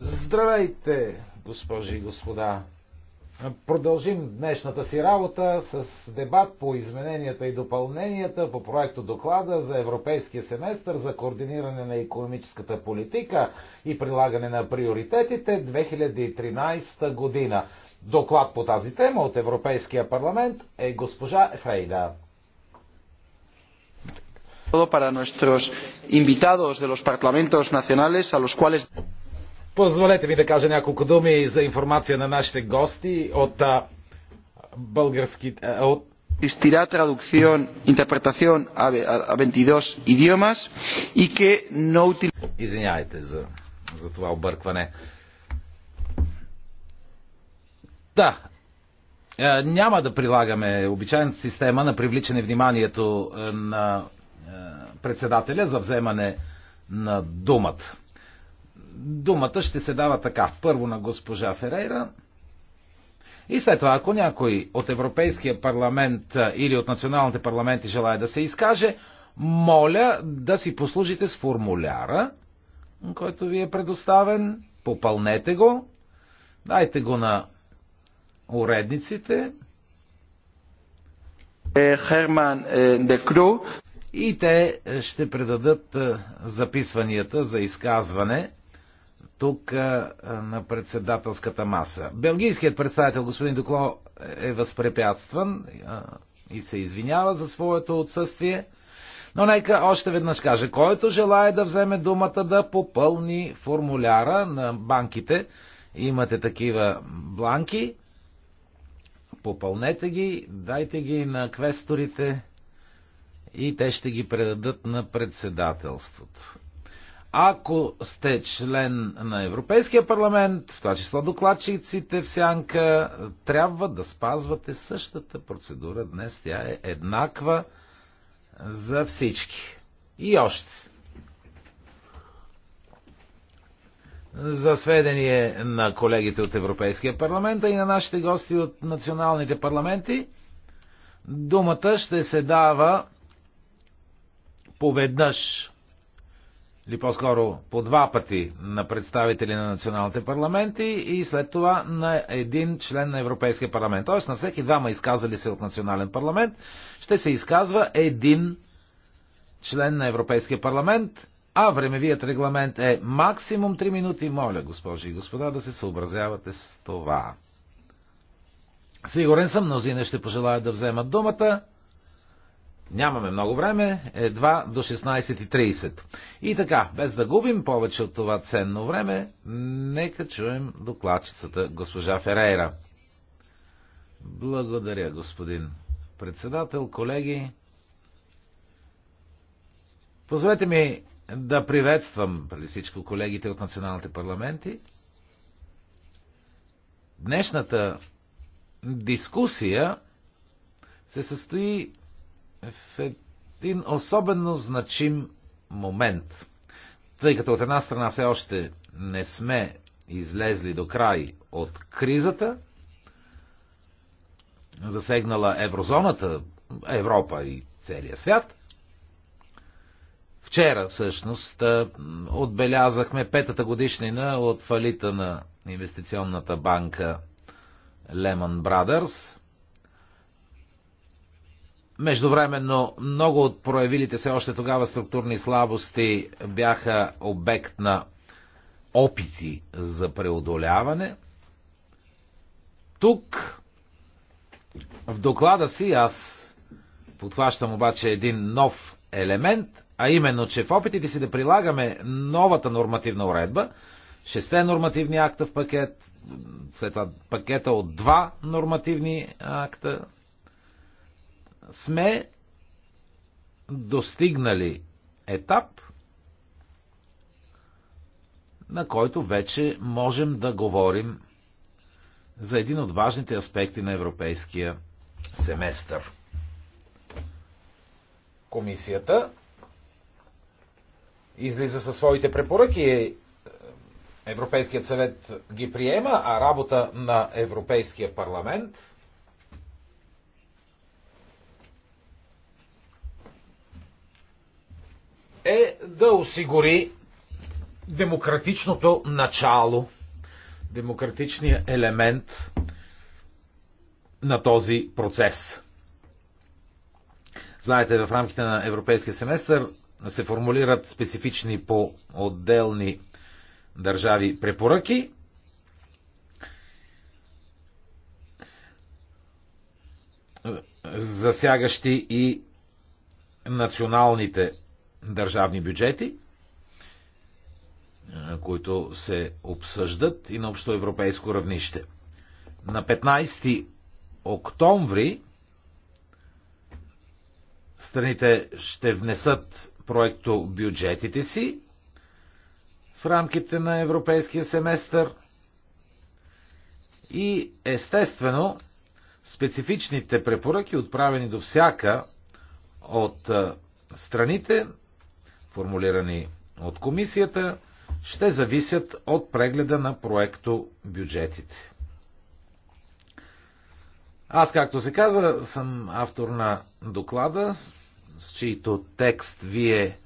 Здравейте, госпожи и господа! Продължим днешната си работа с дебат по измененията и допълненията по проекто доклада за Европейския семестър за координиране на економическата политика и прилагане на приоритетите 2013 година. Доклад по тази тема от Европейския парламент е госпожа Ефрейда todo para nuestros invitados de los parlamentos nacionales a los cuales... Позволете ми да кажа няколко думи за информация на нашите гости от български... От... Existirá traducción, interpretación a, a, a 22 idiomas y que no utiliza... Извинявайте за, за това объркване. Да, е, няма да прилагаме обичайната система на привличане вниманието е, на е, председателя за вземане на думата. Думата ще се дава така. Първо на госпожа Ферейра, и след това, ако някой от Европейския парламент е, или от националните парламенти желая да се изкаже, моля да си послужите с формуляра, който ви е предоставен, попълнете го, дайте го на уредниците. Е, Херман Декру и те ще предадат е, записванията за изказване тук е, на председателската маса. Белгийският представител господин Докло е възпрепятстван е, и се извинява за своето отсъствие. Но нека още веднъж кажа, който желая да вземе думата да попълни формуляра на банките, имате такива бланки, попълнете ги, дайте ги на квесторите и те ще ги предадат на председателството. Ако сте член на Европейския парламент, в това число докладчиците в сянка, трябва да спазвате същата процедура. Днес тя е еднаква за всички. И още. За сведение на колегите от Европейския парламент и на нашите гости от националните парламенти, думата ще се дава поведнъж или по-скоро по два пъти на представители на националните парламенти и след това на един член на Европейския парламент. Тоест на всеки двама изказали се от национален парламент ще се изказва един член на Европейския парламент, а времевият регламент е максимум 3 минути. Моля, госпожи и господа, да се съобразявате с това. Сигурен съм, мнозина ще пожелаят да вземат думата. Нямаме много време, едва до 16.30. И така, без да губим повече от това ценно време, нека чуем докладчицата госпожа Ферейра. Благодаря, господин председател, колеги. Позволете ми да приветствам преди всичко колегите от националните парламенти. Днешната дискусия се състои в един особено значим момент. Тъй като от една страна все още не сме излезли до край от кризата, засегнала еврозоната, Европа и целия свят. Вчера, всъщност, отбелязахме петата годишнина от фалита на инвестиционната банка Lehman Brothers – Междувременно много от проявилите се още тогава структурни слабости бяха обект на опити за преодоляване. Тук в доклада си аз подхващам обаче един нов елемент, а именно, че в опитите си да прилагаме новата нормативна уредба, шесте нормативни акта в пакет, след това пакета от два нормативни акта, сме достигнали етап, на който вече можем да говорим за един от важните аспекти на европейския семестър. Комисията излиза със своите препоръки. Европейският съвет ги приема, а работа на Европейския парламент – е да осигури демократичното начало, демократичния елемент на този процес. Знаете, в рамките на Европейския семестър се формулират специфични по отделни държави препоръки. засягащи и националните държавни бюджети, които се обсъждат и на общо европейско равнище. На 15 октомври страните ще внесат проекто бюджетите си в рамките на европейския семестър и естествено специфичните препоръки, отправени до всяка от страните, формулирани от комисията, ще зависят от прегледа на проекто бюджетите. Аз, както се каза, съм автор на доклада, с чийто текст вие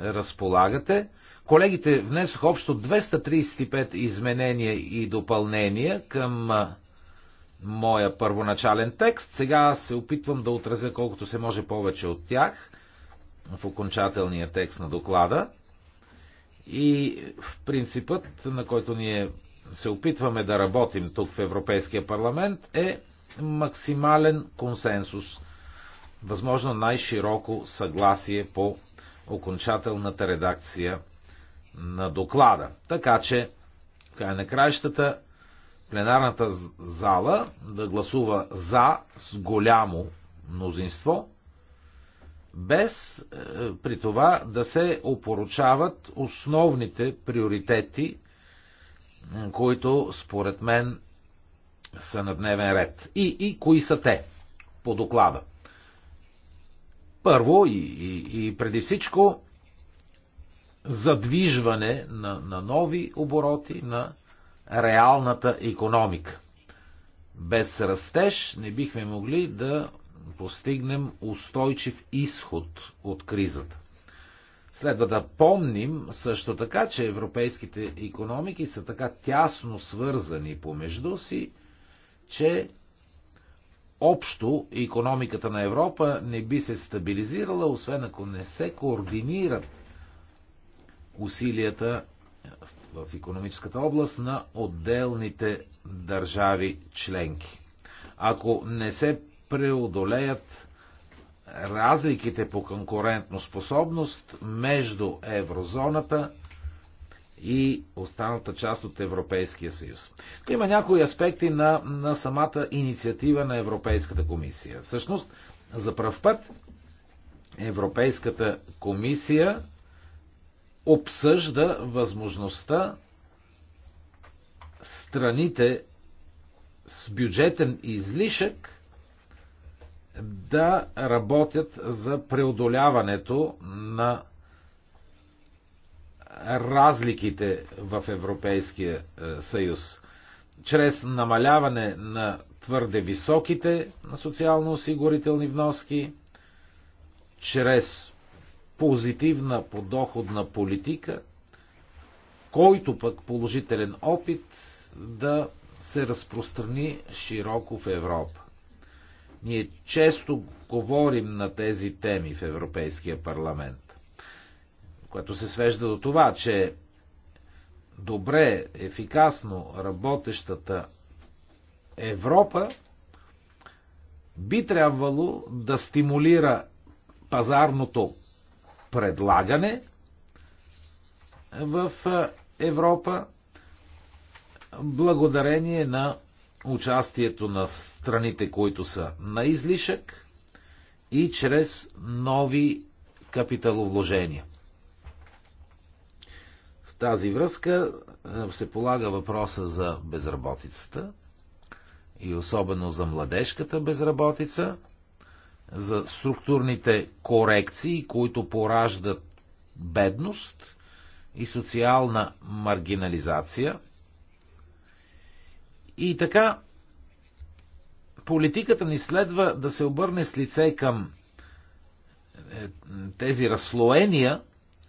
разполагате. Колегите внесох общо 235 изменения и допълнения към моя първоначален текст. Сега се опитвам да отразя колкото се може повече от тях – в окончателния текст на доклада. И в принципът, на който ние се опитваме да работим тук в Европейския парламент, е максимален консенсус, възможно най-широко съгласие по окончателната редакция на доклада. Така че, край на краищата, пленарната зала да гласува за с голямо мнозинство без е, при това да се опоручават основните приоритети, е, които според мен са на дневен ред. И, и кои са те по доклада. Първо и, и, и преди всичко задвижване на, на нови обороти на реалната економика. Без растеж не бихме могли да постигнем устойчив изход от кризата. Следва да помним също така, че европейските економики са така тясно свързани помежду си, че общо економиката на Европа не би се стабилизирала, освен ако не се координират усилията в економическата област на отделните държави членки. Ако не се преодолеят разликите по конкурентно способност между еврозоната и останалата част от Европейския съюз. Има някои аспекти на, на самата инициатива на Европейската комисия. Всъщност, за пръв път Европейската комисия обсъжда възможността страните с бюджетен излишък да работят за преодоляването на разликите в Европейския е, съюз чрез намаляване на твърде високите на социално-осигурителни вноски, чрез позитивна подоходна политика, който пък положителен опит да се разпространи широко в Европа. Ние често говорим на тези теми в Европейския парламент, което се свежда до това, че добре, ефикасно работещата Европа би трябвало да стимулира пазарното предлагане в Европа благодарение на участието на страните, които са на излишък и чрез нови капиталовложения. В тази връзка е, се полага въпроса за безработицата и особено за младежката безработица, за структурните корекции, които пораждат бедност и социална маргинализация – и така, политиката ни следва да се обърне с лице към е, тези разслоения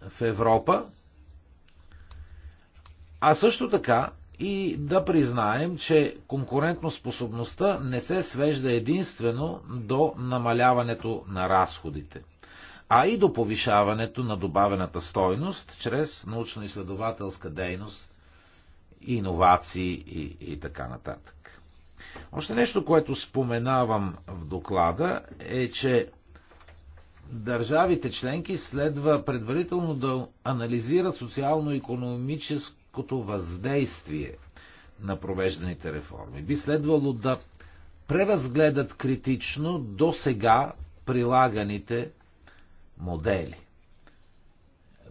в Европа, а също така и да признаем, че конкурентноспособността не се свежда единствено до намаляването на разходите, а и до повишаването на добавената стойност чрез научно-изследователска дейност иновации и, и така нататък. Още нещо, което споменавам в доклада е, че държавите членки следва предварително да анализират социално-економическото въздействие на провежданите реформи. Би следвало да преразгледат критично до сега прилаганите модели.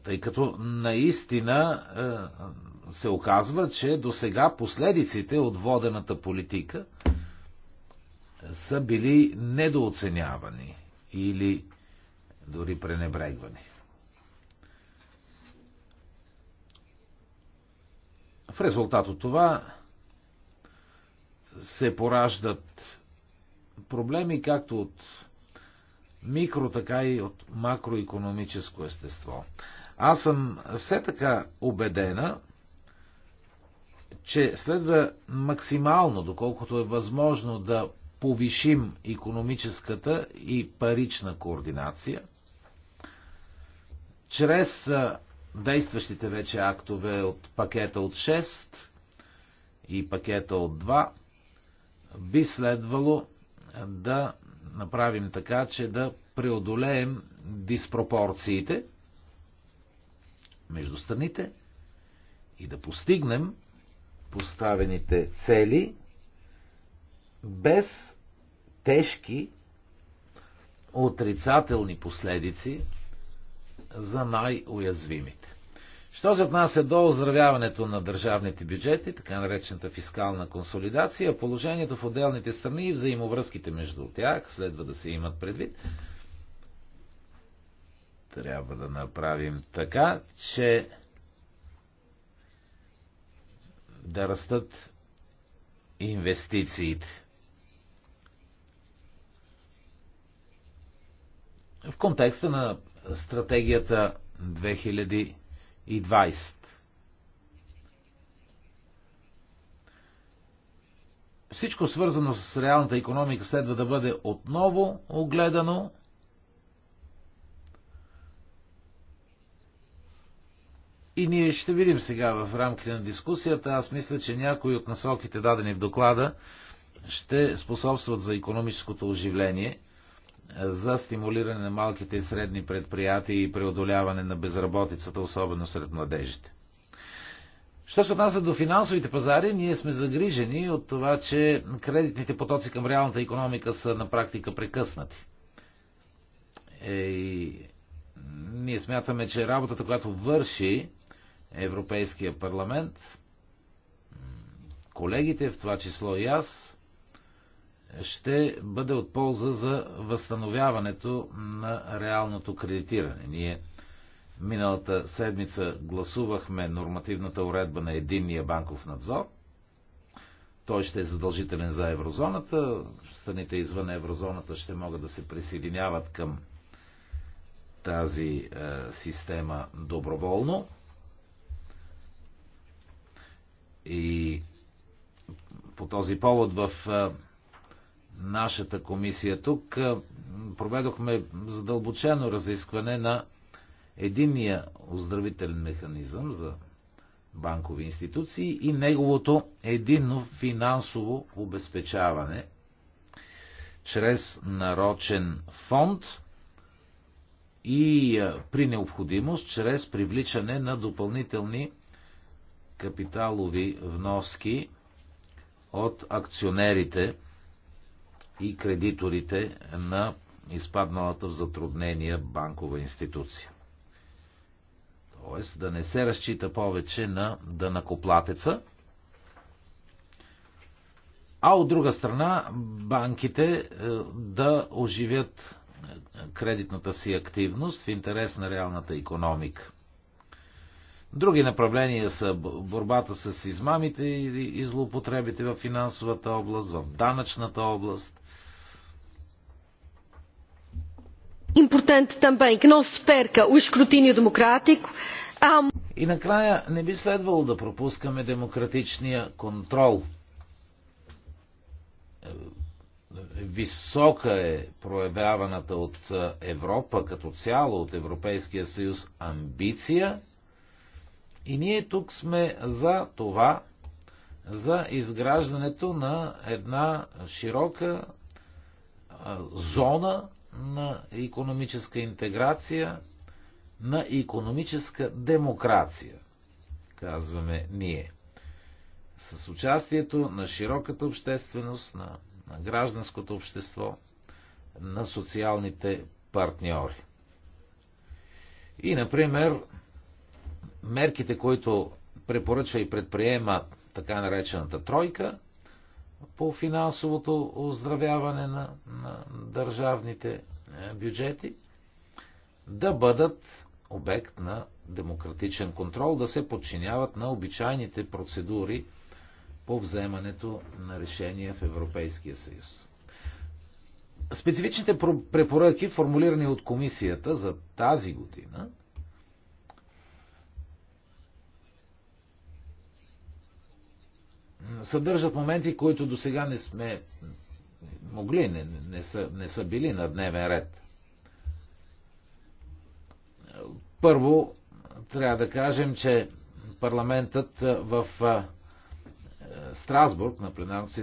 Тъй като наистина е, се оказва, че до сега последиците от водената политика са били недооценявани или дори пренебрегвани. В резултат от това се пораждат проблеми както от микро, така и от макроекономическо естество. Аз съм все така убедена, че следва максимално, доколкото е възможно, да повишим економическата и парична координация чрез действащите вече актове от пакета от 6 и пакета от 2 би следвало да направим така, че да преодолеем диспропорциите между страните и да постигнем поставените цели без тежки отрицателни последици за най-уязвимите. Що се отнася до оздравяването на държавните бюджети, така наречената фискална консолидация, положението в отделните страни и взаимовръзките между тях следва да се имат предвид. Трябва да направим така, че да растат инвестициите. В контекста на стратегията 2020. Всичко свързано с реалната економика следва да бъде отново огледано И ние ще видим сега в рамките на дискусията. Аз мисля, че някои от насоките, дадени в доклада, ще способстват за економическото оживление, за стимулиране на малките и средни предприятия и преодоляване на безработицата, особено сред младежите. Що се отнася до финансовите пазари, ние сме загрижени от това, че кредитните потоци към реалната економика са на практика прекъснати. Е, и ние смятаме, че работата, която върши Европейския парламент, колегите, в това число и аз, ще бъде от полза за възстановяването на реалното кредитиране. Ние миналата седмица гласувахме нормативната уредба на единния банков надзор. Той ще е задължителен за еврозоната. Страните извън еврозоната ще могат да се присъединяват към тази е, система доброволно. И по този повод в нашата комисия тук проведохме задълбочено разискване на единния оздравителен механизъм за банкови институции и неговото единно финансово обезпечаване чрез нарочен фонд и при необходимост чрез привличане на допълнителни капиталови вноски от акционерите и кредиторите на изпадналата в затруднения банкова институция. Тоест да не се разчита повече на дънакоплатеца, а от друга страна банките е, да оживят е, кредитната си активност в интерес на реалната економика. Други направления са борбата с измамите и злоупотребите в финансовата област, в данъчната област. Importante também que não se perca И накрая не би следвало да пропускаме демократичния контрол. Е, висока е проявяваната от е, Европа като цяло, от Европейския съюз амбиция – и ние тук сме за това, за изграждането на една широка зона на економическа интеграция, на економическа демокрация, казваме ние. С участието на широката общественост, на, на гражданското общество, на социалните партньори. И, например, мерките, които препоръчва и предприема така наречената тройка по финансовото оздравяване на, на държавните е, бюджети, да бъдат обект на демократичен контрол, да се подчиняват на обичайните процедури по вземането на решения в Европейския съюз. Специфичните препоръки, формулирани от комисията за тази година, съдържат моменти, които до сега не сме могли, не, не, са, не са били на дневен ред. Първо, трябва да кажем, че парламентът в Страсбург на пленарното си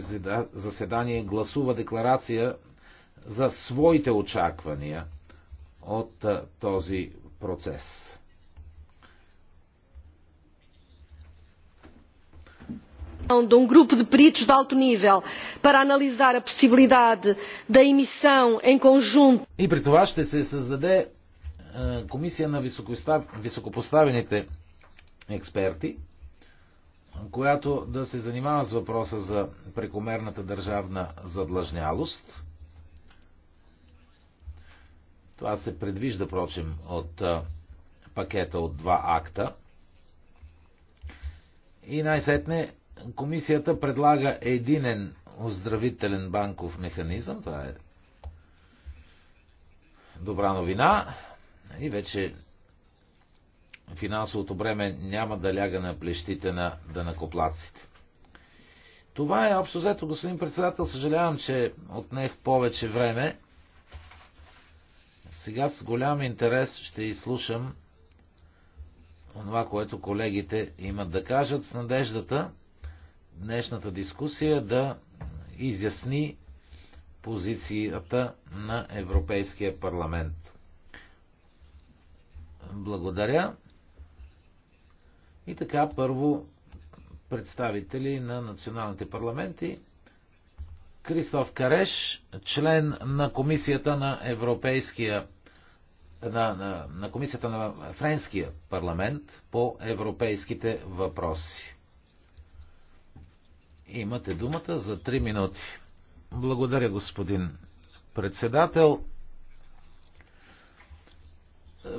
заседание гласува декларация за своите очаквания от този процес. de um grupo de peritos de alto nível para analisar a possibilidade da emissão em conjunto. И при това ще се създаде е, комисия на високопоставените експерти, която да се занимава с въпроса за прекомерната държавна задлъжнялост. Това се предвижда, прочим, от е, пакета от два акта. И най-сетне Комисията предлага единен оздравителен банков механизъм. Това е добра новина. И вече финансовото бреме няма да ляга на плещите на дънакоплаците. Това е общо взето, господин председател. Съжалявам, че отнех повече време. Сега с голям интерес ще изслушам това, което колегите имат да кажат с надеждата, днешната дискусия да изясни позицията на Европейския парламент. Благодаря. И така, първо представители на националните парламенти. Кристоф Кареш, член на комисията на Европейския на, на, на комисията на Френския парламент по европейските въпроси. Имате думата за 3 минути. Благодаря, господин председател.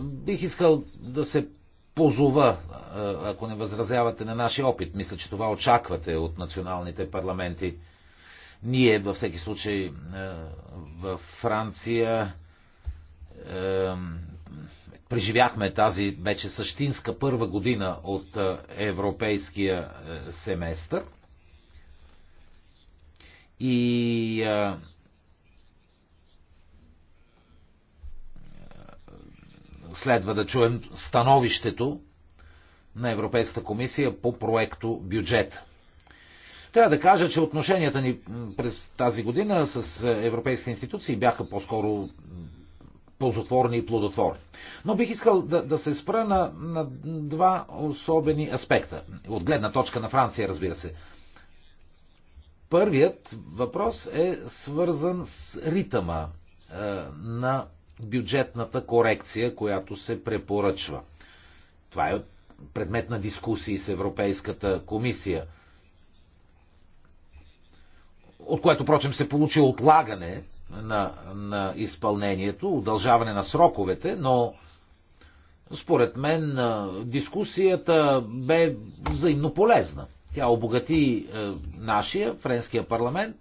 Бих искал да се позова, ако не възразявате на нашия опит. Мисля, че това очаквате от националните парламенти. Ние, във всеки случай, във Франция преживяхме тази вече същинска първа година от европейския семестър – и а, следва да чуем становището на Европейската комисия по проекто бюджет. Трябва да кажа, че отношенията ни през тази година с европейските институции бяха по-скоро ползотворни и плодотворни. Но бих искал да, да се спра на, на два особени аспекта. От гледна точка на Франция, разбира се. Първият въпрос е свързан с ритъма е, на бюджетната корекция, която се препоръчва. Това е предмет на дискусии с Европейската комисия, от което, прочем, се получи отлагане на, на изпълнението, удължаване на сроковете, но според мен е, дискусията бе взаимно полезна. Тя обогати е, нашия, френския парламент,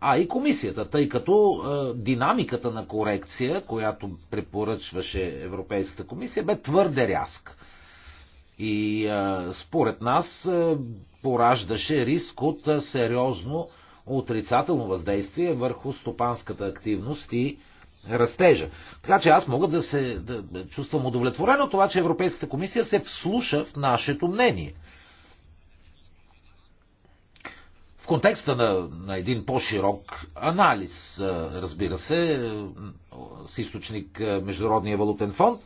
а и комисията, тъй като е, динамиката на корекция, която препоръчваше Европейската комисия, бе твърде рязка. И е, според нас е, пораждаше риск от е, сериозно отрицателно въздействие върху стопанската активност и растежа. Така че аз мога да се да, да чувствам удовлетворен от това, че Европейската комисия се вслуша в нашето мнение. в контекста на, на един по-широк анализ, разбира се, с източник Международния валутен фонд,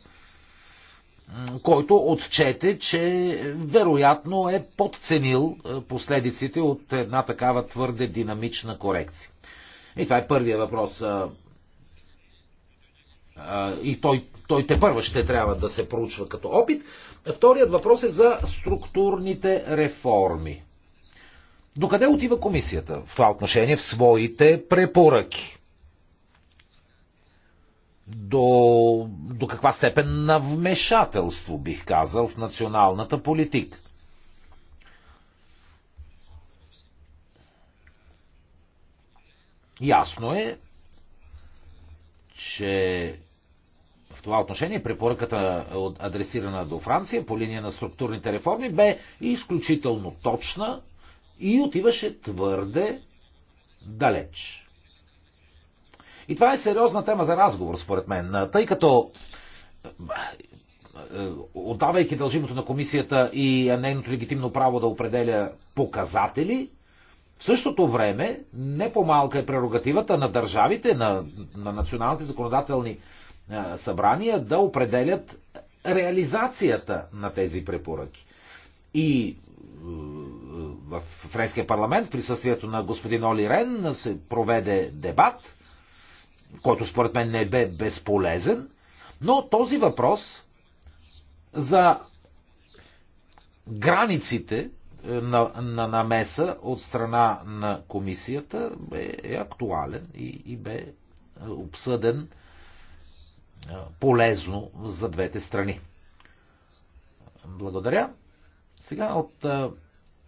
който отчете, че вероятно е подценил последиците от една такава твърде динамична корекция. И това е първия въпрос. И той, той те първа ще трябва да се проучва като опит. Вторият въпрос е за структурните реформи. Докъде отива комисията в това отношение в своите препоръки? До, до каква степен на вмешателство, бих казал, в националната политика? Ясно е, че в това отношение препоръката, е, адресирана до Франция по линия на структурните реформи, бе изключително точна и отиваше твърде далеч. И това е сериозна тема за разговор, според мен, тъй като е, е, отдавайки дължимото на комисията и нейното легитимно право да определя показатели, в същото време не по-малка е прерогативата на държавите, на, на националните законодателни е, събрания да определят реализацията на тези препоръки. И е, в Френския парламент, в присъствието на господин Оли Рен, се проведе дебат, който според мен не бе безполезен, но този въпрос за границите е, на, на намеса от страна на комисията е, е актуален и, и бе обсъден полезно за двете страни. Благодаря. Сега от а,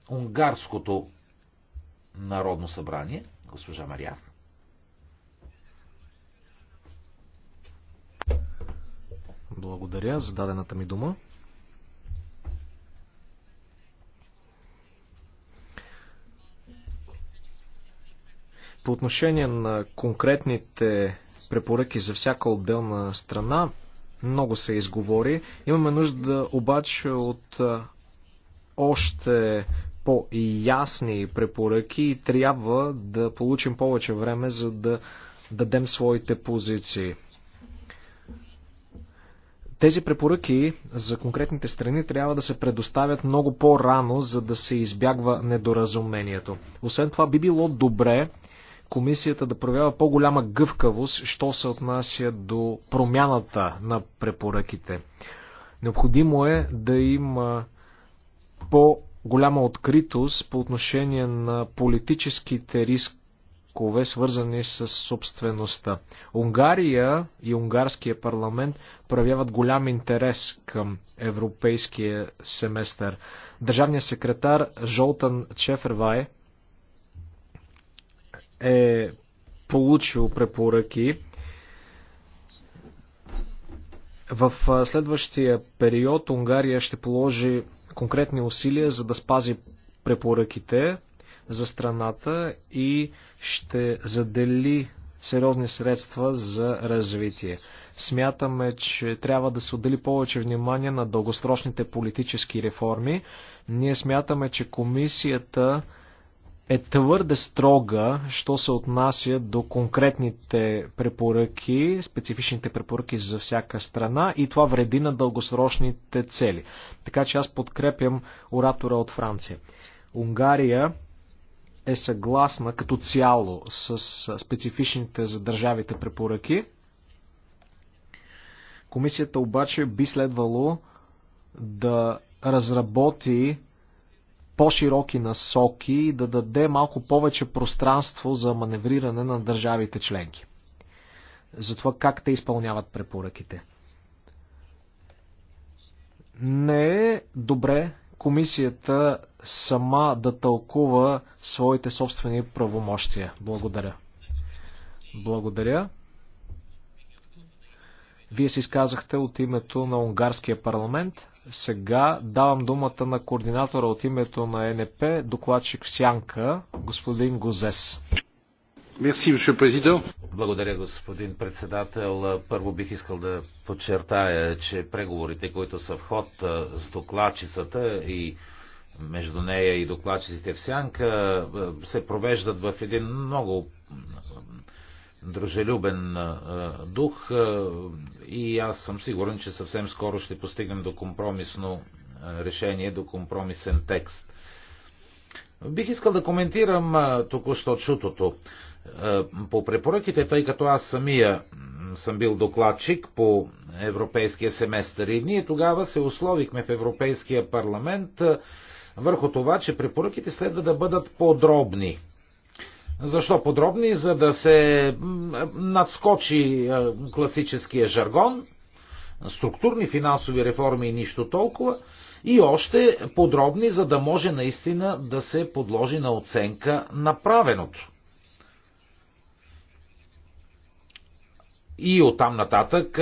унгарското народно събрание, госпожа Мария. Благодаря за дадената ми дума. По отношение на конкретните препоръки за всяка отделна страна, много се изговори. Имаме нужда обаче от още по-ясни препоръки и трябва да получим повече време, за да дадем своите позиции. Тези препоръки за конкретните страни трябва да се предоставят много по-рано, за да се избягва недоразумението. Освен това би било добре комисията да проявява по-голяма гъвкавост, що се отнася до промяната на препоръките. Необходимо е да има по-голяма откритост по отношение на политическите рискове, свързани с собствеността. Унгария и унгарския парламент проявяват голям интерес към европейския семестър. Държавният секретар Жолтан Чефервай е получил препоръки в следващия период Унгария ще положи конкретни усилия за да спази препоръките за страната и ще задели сериозни средства за развитие. Смятаме, че трябва да се отдели повече внимание на дългосрочните политически реформи. Ние смятаме, че комисията е твърде строга, що се отнася до конкретните препоръки, специфичните препоръки за всяка страна и това вреди на дългосрочните цели. Така че аз подкрепям оратора от Франция. Унгария е съгласна като цяло с специфичните за държавите препоръки. Комисията обаче би следвало да разработи по-широки насоки и да даде малко повече пространство за маневриране на държавите членки. За това как те изпълняват препоръките. Не е добре комисията сама да тълкува своите собствени правомощия. Благодаря. Благодаря. Вие се изказахте от името на Унгарския парламент. Сега давам думата на координатора от името на НП, докладчик Сянка, господин Гозес. Благодаря, господин председател. Първо бих искал да подчертая, че преговорите, които са в ход с докладчицата и между нея и докладчиците в Сянка, се провеждат в един много дружелюбен дух и аз съм сигурен, че съвсем скоро ще постигнем до компромисно решение, до компромисен текст. Бих искал да коментирам току-що чутото по препоръките, тъй като аз самия съм бил докладчик по европейския семестър и ние тогава се условихме в Европейския парламент върху това, че препоръките следва да бъдат подробни защо подробни? За да се надскочи класическия жаргон, структурни финансови реформи и нищо толкова, и още подробни, за да може наистина да се подложи на оценка направеното. И оттам нататък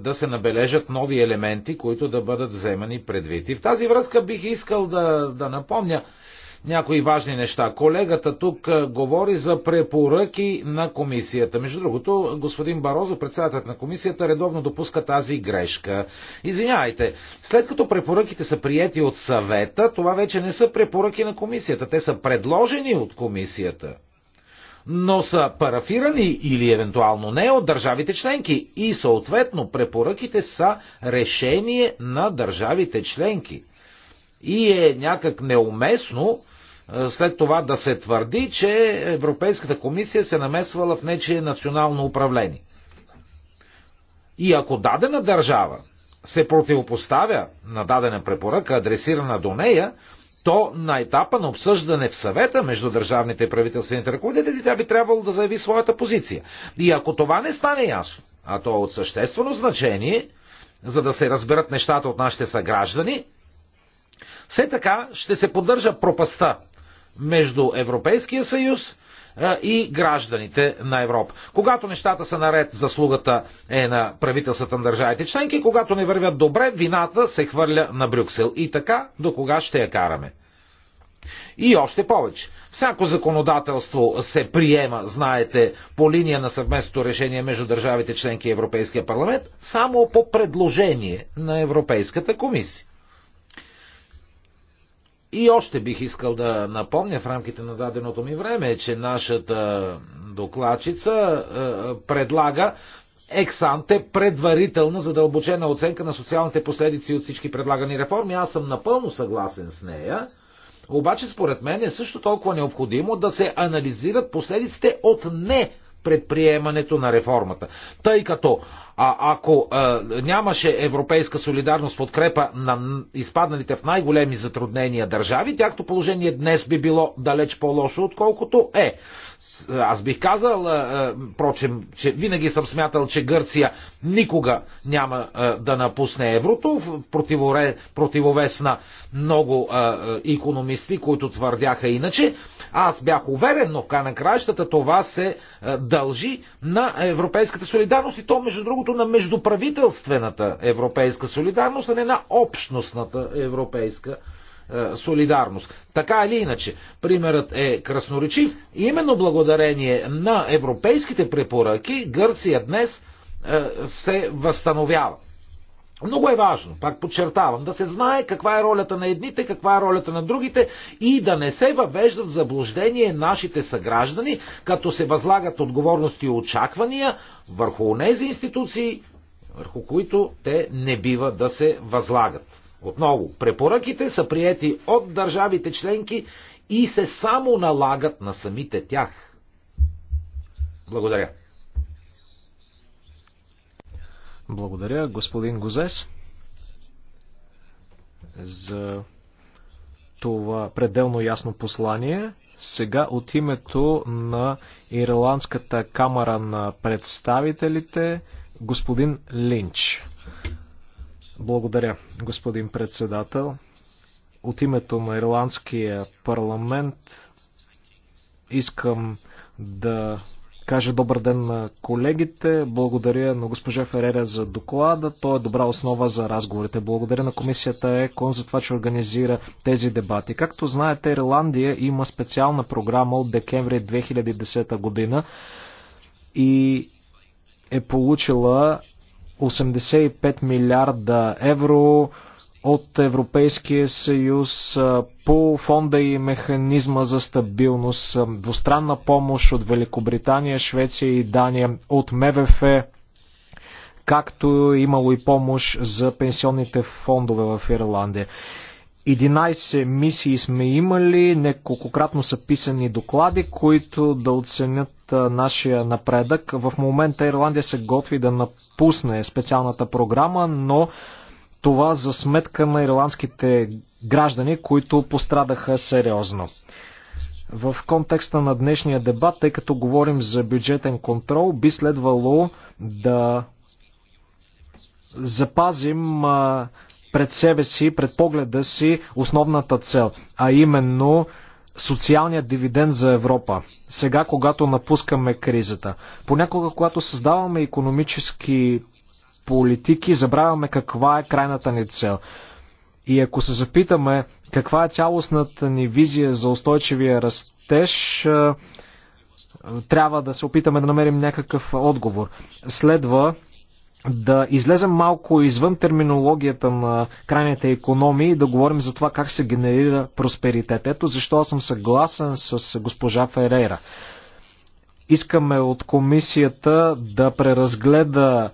да се набележат нови елементи, които да бъдат вземани предвид. И в тази връзка бих искал да, да напомня, някои важни неща. Колегата тук говори за препоръки на комисията. Между другото, господин Барозо, председателят на комисията, редовно допуска тази грешка. Извинявайте, след като препоръките са приети от съвета, това вече не са препоръки на комисията. Те са предложени от комисията но са парафирани или евентуално не от държавите членки и съответно препоръките са решение на държавите членки и е някак неуместно е, след това да се твърди, че Европейската комисия се намесвала в нечие национално управление. И ако дадена държава се противопоставя на дадена препоръка, адресирана до нея, то на етапа на обсъждане в съвета между държавните и правителствените ръководители, тя би трябвало да заяви своята позиция. И ако това не стане ясно, а то е от съществено значение, за да се разберат нещата от нашите съграждани, все така ще се поддържа пропаста между Европейския съюз и гражданите на Европа. Когато нещата са наред, заслугата е на правителствата на държавите членки, когато не вървят добре, вината се хвърля на Брюксел. И така, до кога ще я караме? И още повече. Всяко законодателство се приема, знаете, по линия на съвместното решение между държавите членки и Европейския парламент, само по предложение на Европейската комисия. И още бих искал да напомня в рамките на даденото ми време, че нашата докладчица е, предлага ексанте предварителна задълбочена оценка на социалните последици от всички предлагани реформи. Аз съм напълно съгласен с нея. Обаче, според мен е също толкова необходимо да се анализират последиците от не предприемането на реформата. Тъй като а, ако а, нямаше европейска солидарност подкрепа на изпадналите в най-големи затруднения държави, тяхто положение днес би било далеч по-лошо, отколкото е. Аз бих казал, а, а, прочим, че винаги съм смятал, че Гърция никога няма а, да напусне еврото, в противовес на много икономисти, економисти, които твърдяха иначе. Аз бях уверен, но в край на краищата това се е, дължи на европейската солидарност и то, между другото, на междуправителствената европейска солидарност, а не на общностната европейска е, солидарност. Така или иначе, примерът е красноречив. Именно благодарение на европейските препоръки Гърция днес е, се възстановява. Много е важно, пак подчертавам, да се знае каква е ролята на едните, каква е ролята на другите и да не се въвеждат в заблуждение нашите съграждани, като се възлагат отговорности и очаквания върху тези институции, върху които те не бива да се възлагат. Отново, препоръките са приети от държавите членки и се само налагат на самите тях. Благодаря. Благодаря, господин Гозес, за това пределно ясно послание. Сега от името на Ирландската камера на представителите, господин Линч. Благодаря, господин председател. От името на Ирландския парламент искам да Кажа добър ден на колегите. Благодаря на госпожа Ферера за доклада. Той е добра основа за разговорите. Благодаря на комисията ЕКОН за това, че организира тези дебати. Както знаете, Ирландия има специална програма от декември 2010 година и е получила 85 милиарда евро от Европейския съюз по фонда и механизма за стабилност, двустранна помощ от Великобритания, Швеция и Дания, от МВФ, както имало и помощ за пенсионните фондове в Ирландия. 11 мисии сме имали, неколкократно са писани доклади, които да оценят нашия напредък. В момента Ирландия се готви да напусне специалната програма, но това за сметка на ирландските граждани, които пострадаха сериозно. В контекста на днешния дебат, тъй като говорим за бюджетен контрол, би следвало да запазим пред себе си, пред погледа си основната цел, а именно социалният дивиденд за Европа. Сега, когато напускаме кризата. Понякога, когато създаваме економически политики, забравяме каква е крайната ни цел. И ако се запитаме каква е цялостната ни визия за устойчивия растеж, трябва да се опитаме да намерим някакъв отговор. Следва да излезем малко извън терминологията на крайните економии и да говорим за това как се генерира просперитет. Ето защо аз съм съгласен с госпожа Ферейра. Искаме от комисията да преразгледа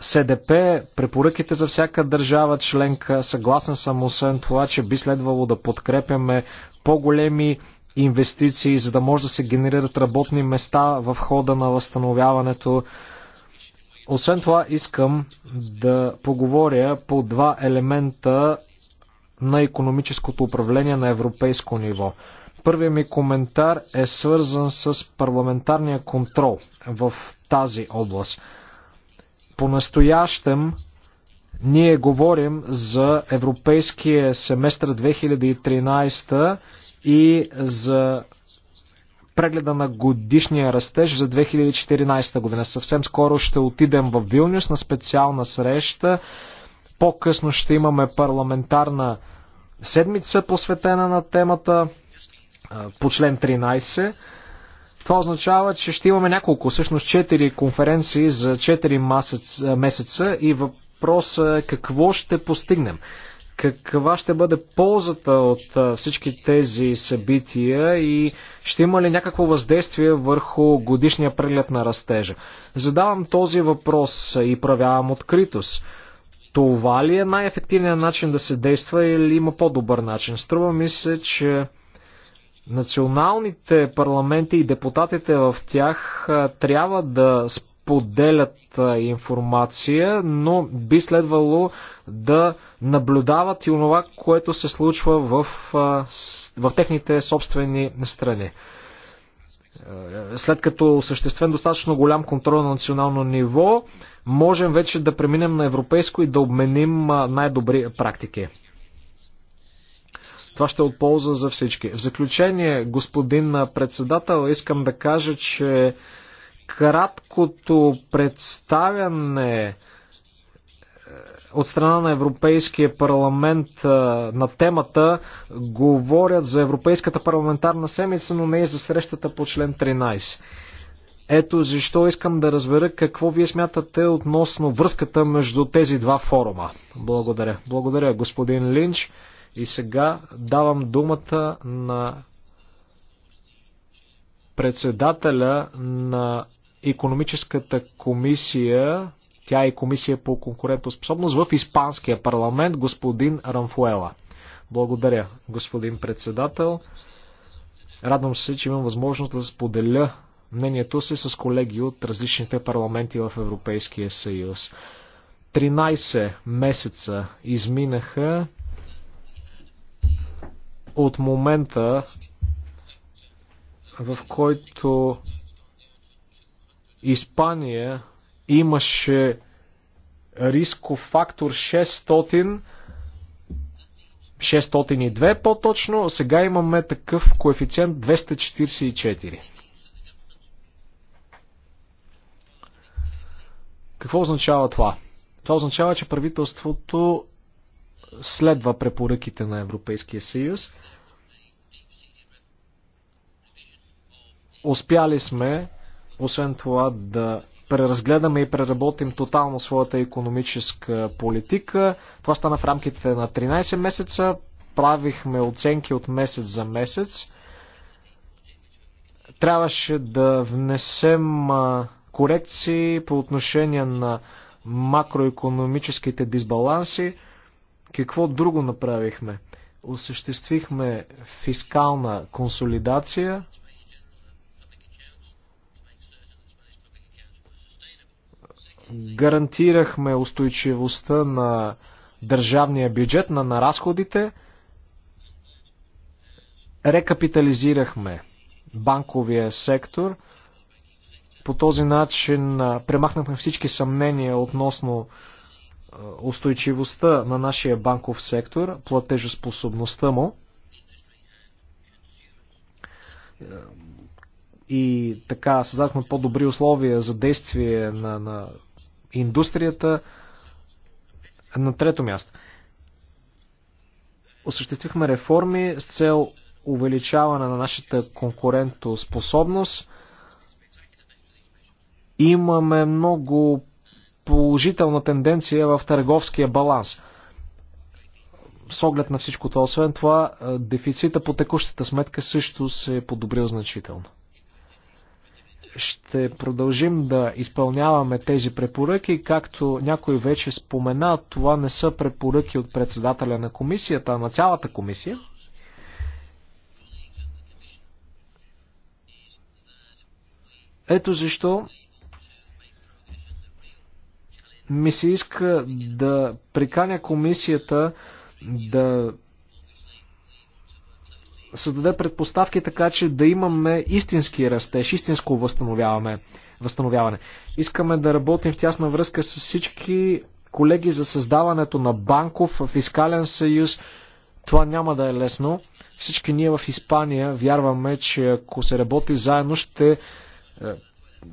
СДП, препоръките за всяка държава членка. Съгласен съм освен това, че би следвало да подкрепяме по-големи инвестиции, за да може да се генерират работни места в хода на възстановяването. Освен това искам да поговоря по два елемента на економическото управление на европейско ниво. Първият ми коментар е свързан с парламентарния контрол в тази област. По-настоящем ние говорим за Европейския семестър 2013 и за прегледа на годишния растеж за 2014 година. Съвсем скоро ще отидем в Вилнюс на специална среща. По-късно ще имаме парламентарна седмица посветена на темата по член 13. Това означава, че ще имаме няколко, всъщност четири конференции за четири месеца и въпросът е какво ще постигнем. Каква ще бъде ползата от всички тези събития и ще има ли някакво въздействие върху годишния преглед на растежа? Задавам този въпрос и правявам откритост. Това ли е най-ефективният начин да се действа или има по-добър начин? Струва ми се, че националните парламенти и депутатите в тях трябва да споделят информация, но би следвало да наблюдават и онова, което се случва в, в техните собствени страни. Е, след като осъществен достатъчно голям контрол на национално ниво, можем вече да преминем на европейско и да обменим най-добри практики. Това ще е от полза за всички. В заключение, господин председател, искам да кажа, че краткото представяне е, от страна на Европейския парламент е, на темата говорят за Европейската парламентарна седмица, но не и за срещата по член 13. Ето защо искам да разбера какво вие смятате относно връзката между тези два форума. Благодаря. Благодаря, господин Линч. И сега давам думата на председателя на економическата комисия, тя е комисия по конкурентоспособност в Испанския парламент, господин Рамфуела. Благодаря, господин председател. Радвам се, че имам възможност да споделя мнението си с колеги от различните парламенти в Европейския съюз. 13 месеца изминаха от момента, в който Испания имаше рисков фактор 600, 602 по-точно, сега имаме такъв коефициент 244. Какво означава това? Това означава, че правителството следва препоръките на Европейския съюз. Успяли сме, освен това, да преразгледаме и преработим тотално своята економическа политика. Това стана в рамките на 13 месеца. Правихме оценки от месец за месец. Трябваше да внесем корекции по отношение на макроекономическите дисбаланси. Какво друго направихме? Осъществихме фискална консолидация. Гарантирахме устойчивостта на държавния бюджет, на, на разходите. Рекапитализирахме банковия сектор. По този начин премахнахме всички съмнения относно устойчивостта на нашия банков сектор, платежоспособността му и така създадохме по-добри условия за действие на, на индустрията. На трето място. Осъществихме реформи с цел увеличаване на нашата конкурентоспособност. Имаме много положителна тенденция в търговския баланс. С оглед на всичко това, освен това, дефицита по текущата сметка също се е подобрил значително. Ще продължим да изпълняваме тези препоръки, както някой вече спомена, това не са препоръки от председателя на комисията, а на цялата комисия. Ето защо ми се иска да приканя комисията да създаде предпоставки така, че да имаме истински растеж, истинско възстановяване. възстановяване. Искаме да работим в тясна връзка с всички колеги за създаването на банков, фискален съюз. Това няма да е лесно. Всички ние в Испания вярваме, че ако се работи заедно, ще е,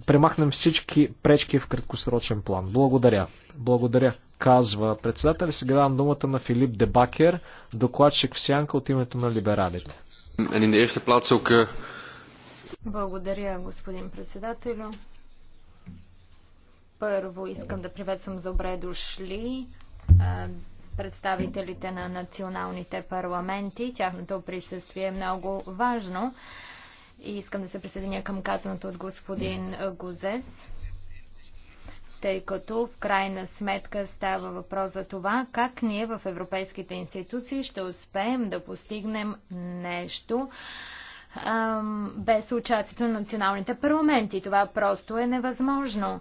премахнем всички пречки в краткосрочен план. Благодаря. Благодаря, казва председател. Сега давам думата на Филип Дебакер, докладчик в Сянка от името на либералите. Eh, Благодаря, господин председателю. Първо искам да приветствам за добре дошли представителите на националните парламенти. Тяхното присъствие е много важно. И искам да се присъединя към казаното от господин Гузес, тъй като в крайна сметка става въпрос за това как ние в европейските институции ще успеем да постигнем нещо ам, без участието на националните парламенти. Това просто е невъзможно.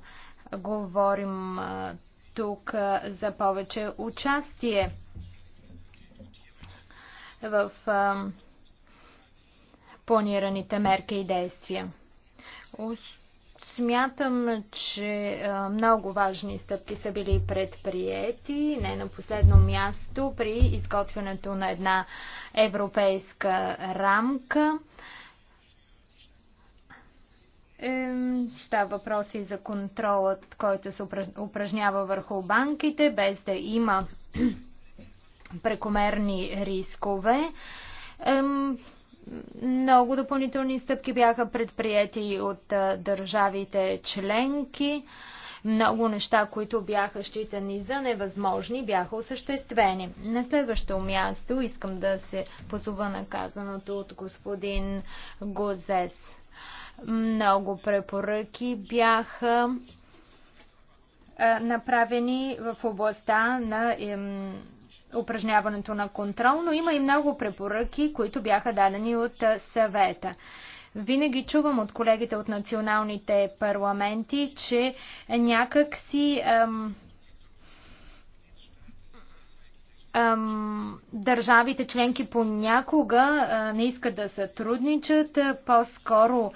Говорим а, тук а, за повече участие в. Ам, планираните мерки и действия. Смятам, че много важни стъпки са били предприяти, не на последно място, при изготвянето на една европейска рамка. Става въпрос и за контролът, който се упражнява върху банките, без да има прекомерни рискове. Много допълнителни стъпки бяха предприяти от държавите членки. Много неща, които бяха считани за невъзможни, бяха осъществени. На следващо място искам да се позова на казаното от господин Гозес. Много препоръки бяха направени в областта на упражняването на контрол, но има и много препоръки, които бяха дадени от съвета. Винаги чувам от колегите от националните парламенти, че някак си ам, ам, държавите членки понякога а, не искат да сътрудничат, по-скоро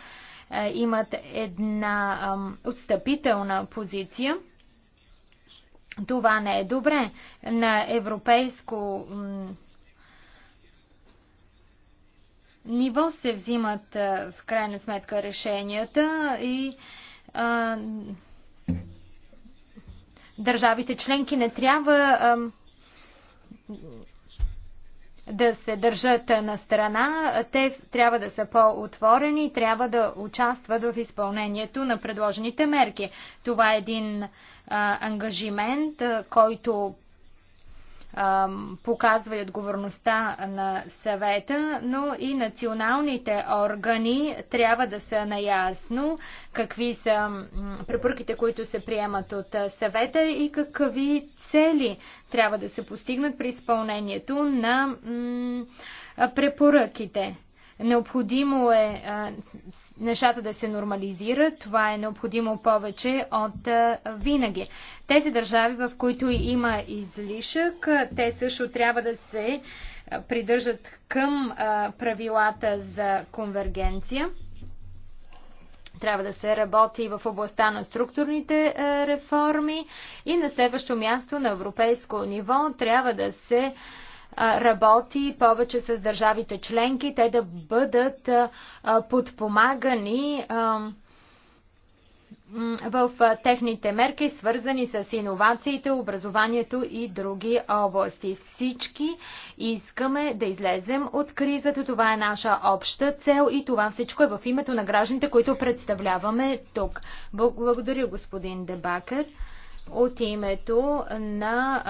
имат една ам, отстъпителна позиция. Това не е добре. На европейско ниво се взимат в крайна сметка решенията и а, държавите членки не трябва а, да се държат на страна. Те трябва да са по-отворени, и трябва да участват в изпълнението на предложените мерки. Това е един ангажимент, който показва и отговорността на съвета, но и националните органи трябва да са наясно какви са препоръките, които се приемат от съвета и какви цели трябва да се постигнат при изпълнението на препоръките. Необходимо е а, нещата да се нормализират. Това е необходимо повече от а, винаги. Тези държави, в които има излишък, те също трябва да се придържат към а, правилата за конвергенция. Трябва да се работи в областта на структурните реформи и на следващо място на европейско ниво трябва да се а, работи повече с държавите членки, те да бъдат подпомагани в техните мерки, свързани с иновациите, образованието и други области. Всички искаме да излезем от кризата. Това е наша обща цел и това всичко е в името на гражданите, които представляваме тук. Благодаря, господин Дебакър. От името на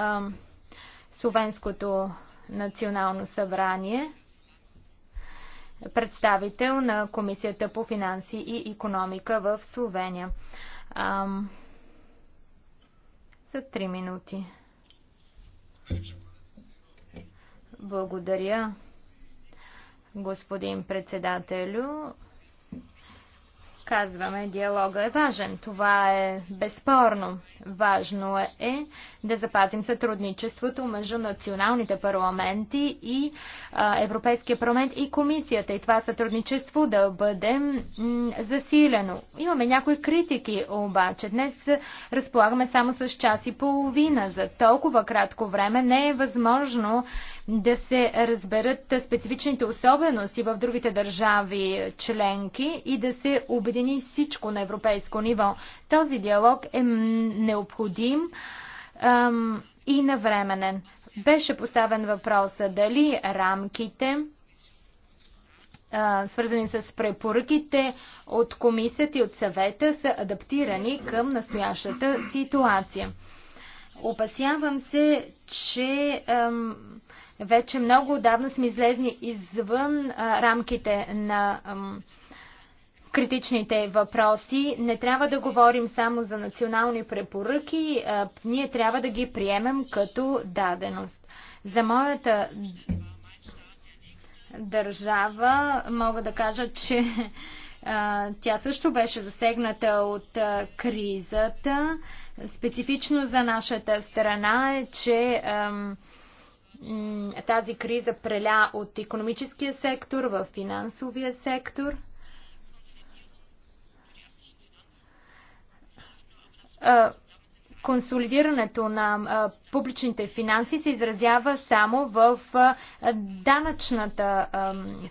Словенското национално събрание, представител на Комисията по финанси и економика в Словения. Ам... За три минути. Благодаря, господин председателю. Казваме, диалога е важен. Това е безспорно. Важно е, е да запазим сътрудничеството между националните парламенти и Европейския парламент и комисията. И това сътрудничество да бъде засилено. Имаме някои критики, обаче днес разполагаме само с час и половина. За толкова кратко време не е възможно да се разберат специфичните особености в другите държави членки и да се обедини всичко на европейско ниво. Този диалог е необходим ам, и навременен. Беше поставен въпроса дали рамките свързани с препоръките от комисията и от съвета са адаптирани към настоящата ситуация. Опасявам се, че ем, вече много отдавна сме излезни извън а, рамките на ам, критичните въпроси. Не трябва да говорим само за национални препоръки, а, ние трябва да ги приемем като даденост. За моята държава мога да кажа, че а, тя също беше засегната от а, кризата. Специфично за нашата страна е, че ам, тази криза преля от економическия сектор в финансовия сектор. Консолидирането на публичните финанси се изразява само в данъчната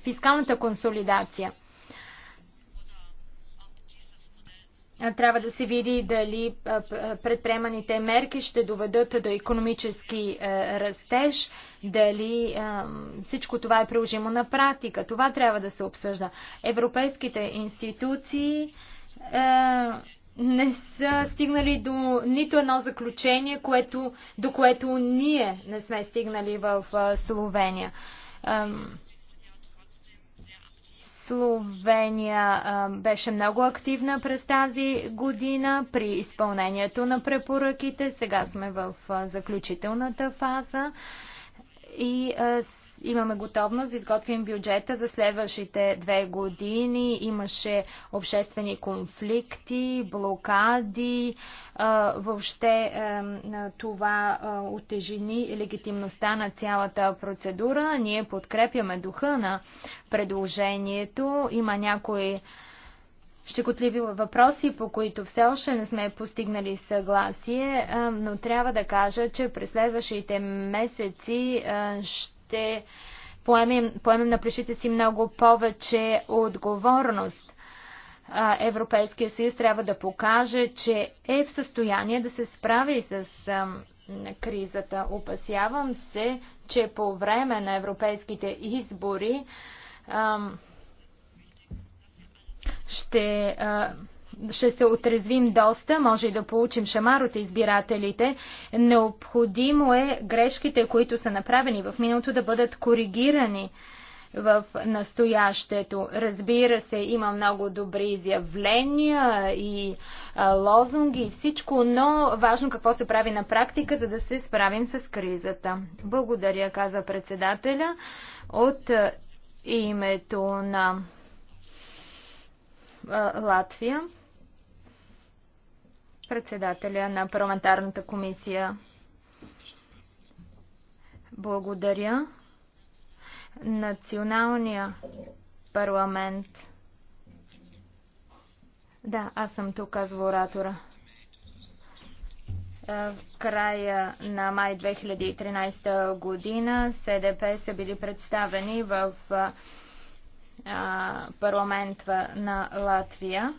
фискалната консолидация. Трябва да се види дали предприеманите мерки ще доведат до економически растеж, дали всичко това е приложимо на практика. Това трябва да се обсъжда. Европейските институции не са стигнали до нито едно заключение, което, до което ние не сме стигнали в Словения. Словения беше много активна през тази година при изпълнението на препоръките. Сега сме в заключителната фаза и имаме готовност да изготвим бюджета за следващите две години. Имаше обществени конфликти, блокади. Въобще това отежени легитимността на цялата процедура. Ние подкрепяме духа на предложението. Има някои щекотливи въпроси, по които все още не сме постигнали съгласие, но трябва да кажа, че през следващите месеци е, ще ще поемем, поемем на плещите си много повече отговорност. Европейския съюз трябва да покаже, че е в състояние да се справи с кризата. Опасявам се, че по време на европейските избори ще ще се отрезвим доста, може и да получим шамар от избирателите. Необходимо е грешките, които са направени в миналото, да бъдат коригирани в настоящето. Разбира се, има много добри изявления и а, лозунги и всичко, но важно какво се прави на практика, за да се справим с кризата. Благодаря, каза председателя. От а, името на а, Латвия председателя на парламентарната комисия. Благодаря. Националния парламент. Да, аз съм тук, казва оратора. В края на май 2013 година СДП са били представени в парламентва на Латвия.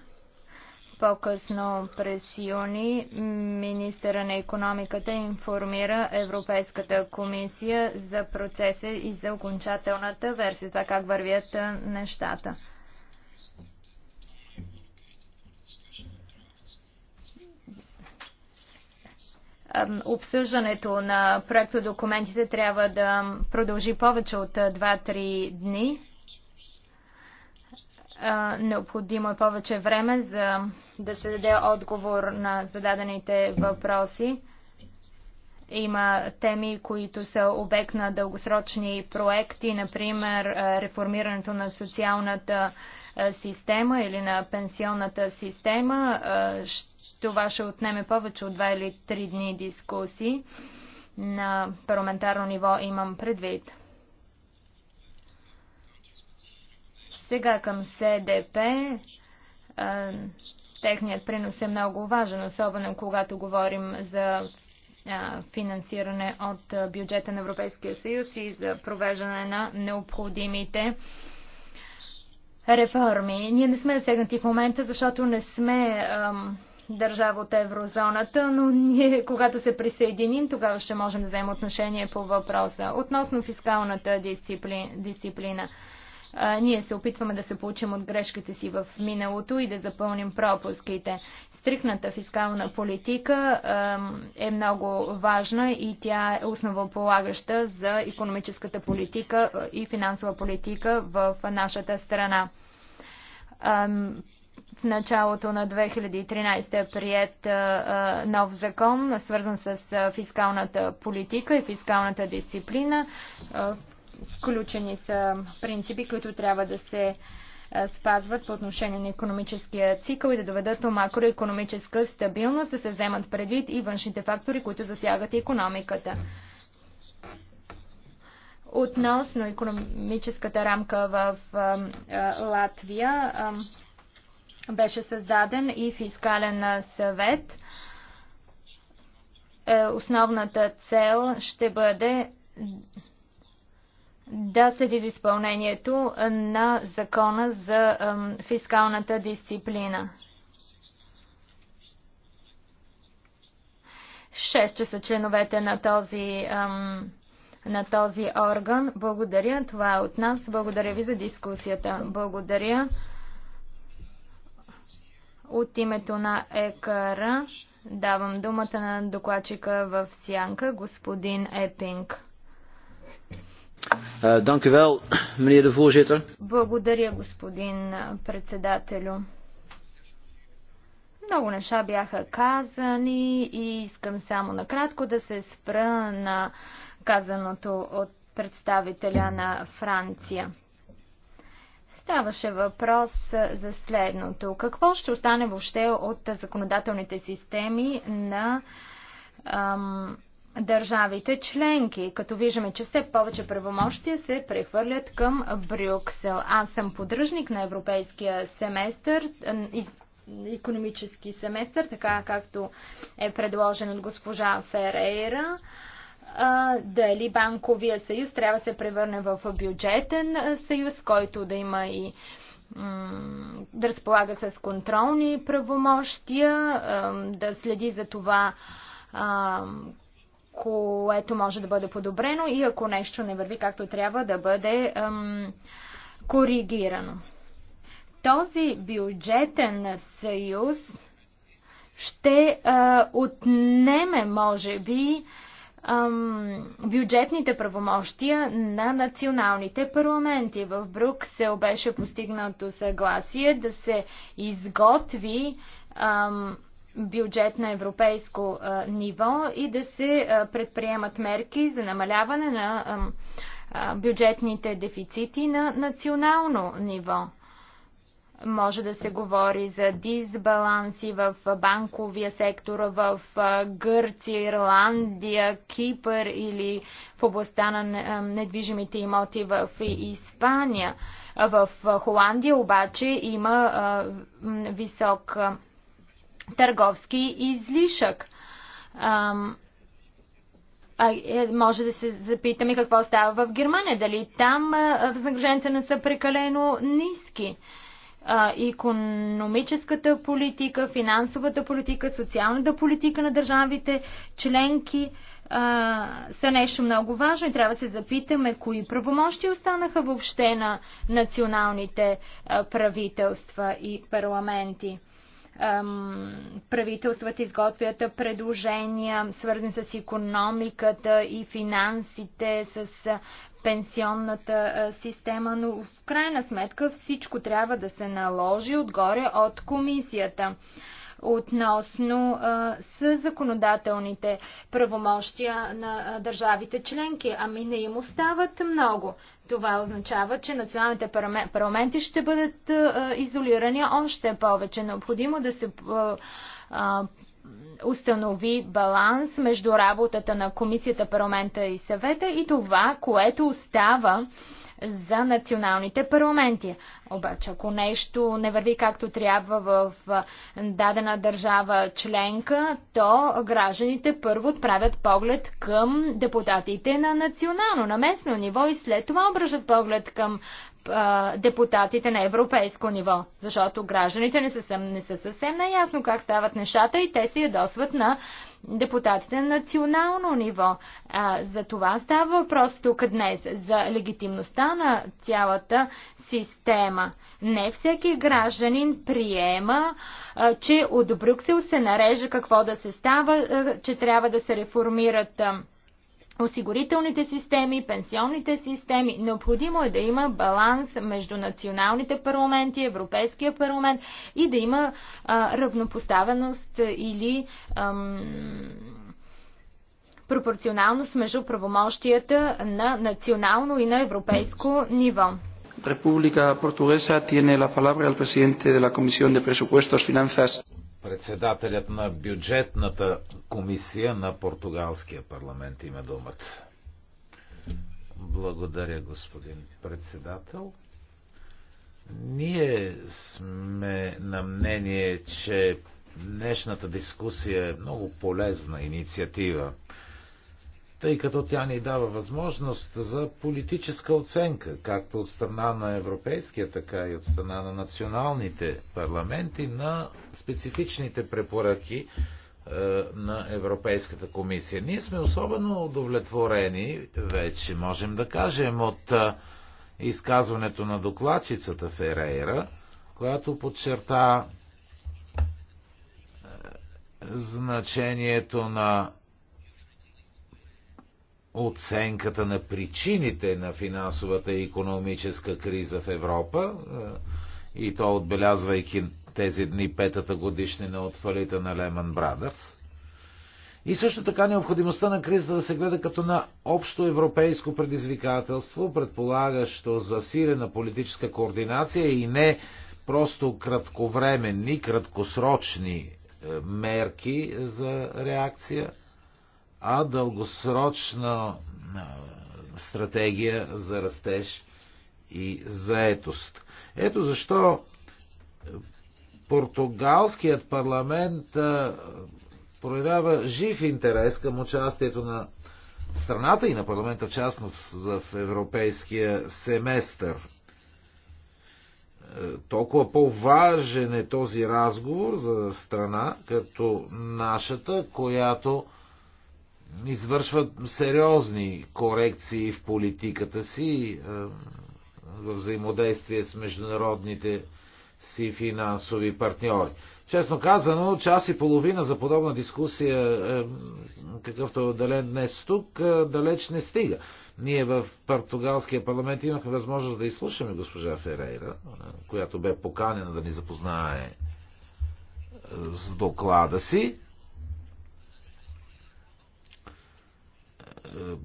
По-късно през юни министъра на економиката информира Европейската комисия за процеса и за окончателната версия, това как вървят нещата. Обсъждането на проекто документите трябва да продължи повече от 2-3 дни. Необходимо е повече време за да се даде отговор на зададените въпроси. Има теми, които са обект на дългосрочни проекти, например реформирането на социалната система или на пенсионната система. Това ще отнеме повече от 2 или 3 дни дискусии на парламентарно ниво имам предвид. Сега към СДП. техният принос е много важен, особено когато говорим за финансиране от бюджета на Европейския съюз и за провеждане на необходимите реформи. Ние не сме засегнати в момента, защото не сме държава от еврозоната, но ние, когато се присъединим, тогава ще можем да вземем отношение по въпроса. Относно фискалната дисциплина а, ние се опитваме да се получим от грешките си в миналото и да запълним пропуските. Стрикната фискална политика е много важна и тя е основополагаща за економическата политика и финансова политика в нашата страна в началото на 2013 е прият нов закон, свързан с фискалната политика и фискалната дисциплина, Включени са принципи, които трябва да се е, спазват по отношение на економическия цикъл и да доведат до макроекономическа стабилност, да се вземат предвид и външните фактори, които засягат економиката. Относно економическата рамка в е, Латвия е, беше създаден и фискален съвет. Основната цел ще бъде да следи за изпълнението на закона за фискалната дисциплина. 6 часа членовете на този, на този орган. Благодаря. Това е от нас. Благодаря ви за дискусията. Благодаря. От името на екара давам думата на докладчика в Сянка, господин Епинг. Eh, dank u wel, meneer de voorzitter. Благодаря, господин председателю. Много неща бяха казани и искам само накратко да се спра на казаното от представителя на Франция. Ставаше въпрос за следното. Какво ще остане въобще от законодателните системи на ам, държавите членки, като виждаме, че все повече правомощия се прехвърлят към Брюксел. Аз съм поддръжник на европейския семестър, економически семестър, така както е предложен от госпожа Ферейра. Дали банковия съюз трябва да се превърне в бюджетен съюз, който да има и да разполага с контролни правомощия, да следи за това което може да бъде подобрено и ако нещо не върви както трябва да бъде ам, коригирано. Този бюджетен съюз ще а, отнеме, може би, ам, бюджетните правомощия на националните парламенти. В Брюксел беше постигнато съгласие да се изготви ам, бюджет на европейско а, ниво и да се а, предприемат мерки за намаляване на а, бюджетните дефицити на национално ниво. Може да се говори за дисбаланси в банковия сектор в Гърция, Ирландия, Кипър или в областта на недвижимите имоти в Испания. В Холандия обаче има висок търговски излишък. а, е, може да се запитаме какво става в Германия. Дали там възнагражденията не са прекалено ниски. А, економическата политика, финансовата политика, социалната политика на държавите, членки а, са нещо много важно и трябва да се запитаме кои правомощи останаха въобще на националните а, правителства и парламенти правителствата изготвят предложения, свързани с економиката и финансите, с пенсионната система, но в крайна сметка всичко трябва да се наложи отгоре от комисията относно с законодателните правомощия на държавите членки. Ами не им остават много. Това означава, че националните парламенти ще бъдат изолирани още повече. Необходимо да се установи баланс между работата на Комисията, парламента и съвета и това, което остава за националните парламенти. Обаче, ако нещо не върви както трябва в дадена държава членка, то гражданите първо отправят поглед към депутатите на национално, на местно ниво и след това обръщат поглед към депутатите на европейско ниво, защото гражданите не са, не са съвсем наясно как стават нещата и те се ядосват на депутатите на национално ниво. А, за това става въпрос тук днес, за легитимността на цялата система. Не всеки гражданин приема, а, че от Брюксел се нарежа какво да се става, а, че трябва да се реформират. А, осигурителните системи, пенсионните системи. Необходимо е да има баланс между националните парламенти, Европейския парламент и да има а, равнопоставеност или ам, пропорционалност между правомощията на национално и на европейско ниво. Република Португеса tiene la palabra el presidente de la Comisión de Presupuestos, Finanzas Председателят на бюджетната комисия на португалския парламент има думата. Благодаря, господин председател. Ние сме на мнение, че днешната дискусия е много полезна инициатива тъй като тя ни дава възможност за политическа оценка, както от страна на европейския, така и от страна на националните парламенти, на специфичните препоръки е, на Европейската комисия. Ние сме особено удовлетворени, вече можем да кажем, от е, изказването на докладчицата Ферейра, която подчерта е, значението на оценката на причините на финансовата и економическа криза в Европа е, и то отбелязвайки тези дни петата годишнина от фалита на Леман Брадърс. И също така необходимостта на кризата да се гледа като на общо европейско предизвикателство, предполагащо засилена политическа координация и не просто кратковременни, краткосрочни е, мерки за реакция – а дългосрочна стратегия за растеж и заетост. Ето защо португалският парламент проявява жив интерес към участието на страната и на парламента в частност в европейския семестър. Толкова по-важен е този разговор за страна като нашата, която извършват сериозни корекции в политиката си, е, в взаимодействие с международните си финансови партньори. Честно казано, час и половина за подобна дискусия, е, какъвто е отделен днес тук, е, далеч не стига. Ние в португалския парламент имахме възможност да изслушаме госпожа Ферейра, която бе поканена да ни запознае с доклада си. Е, е,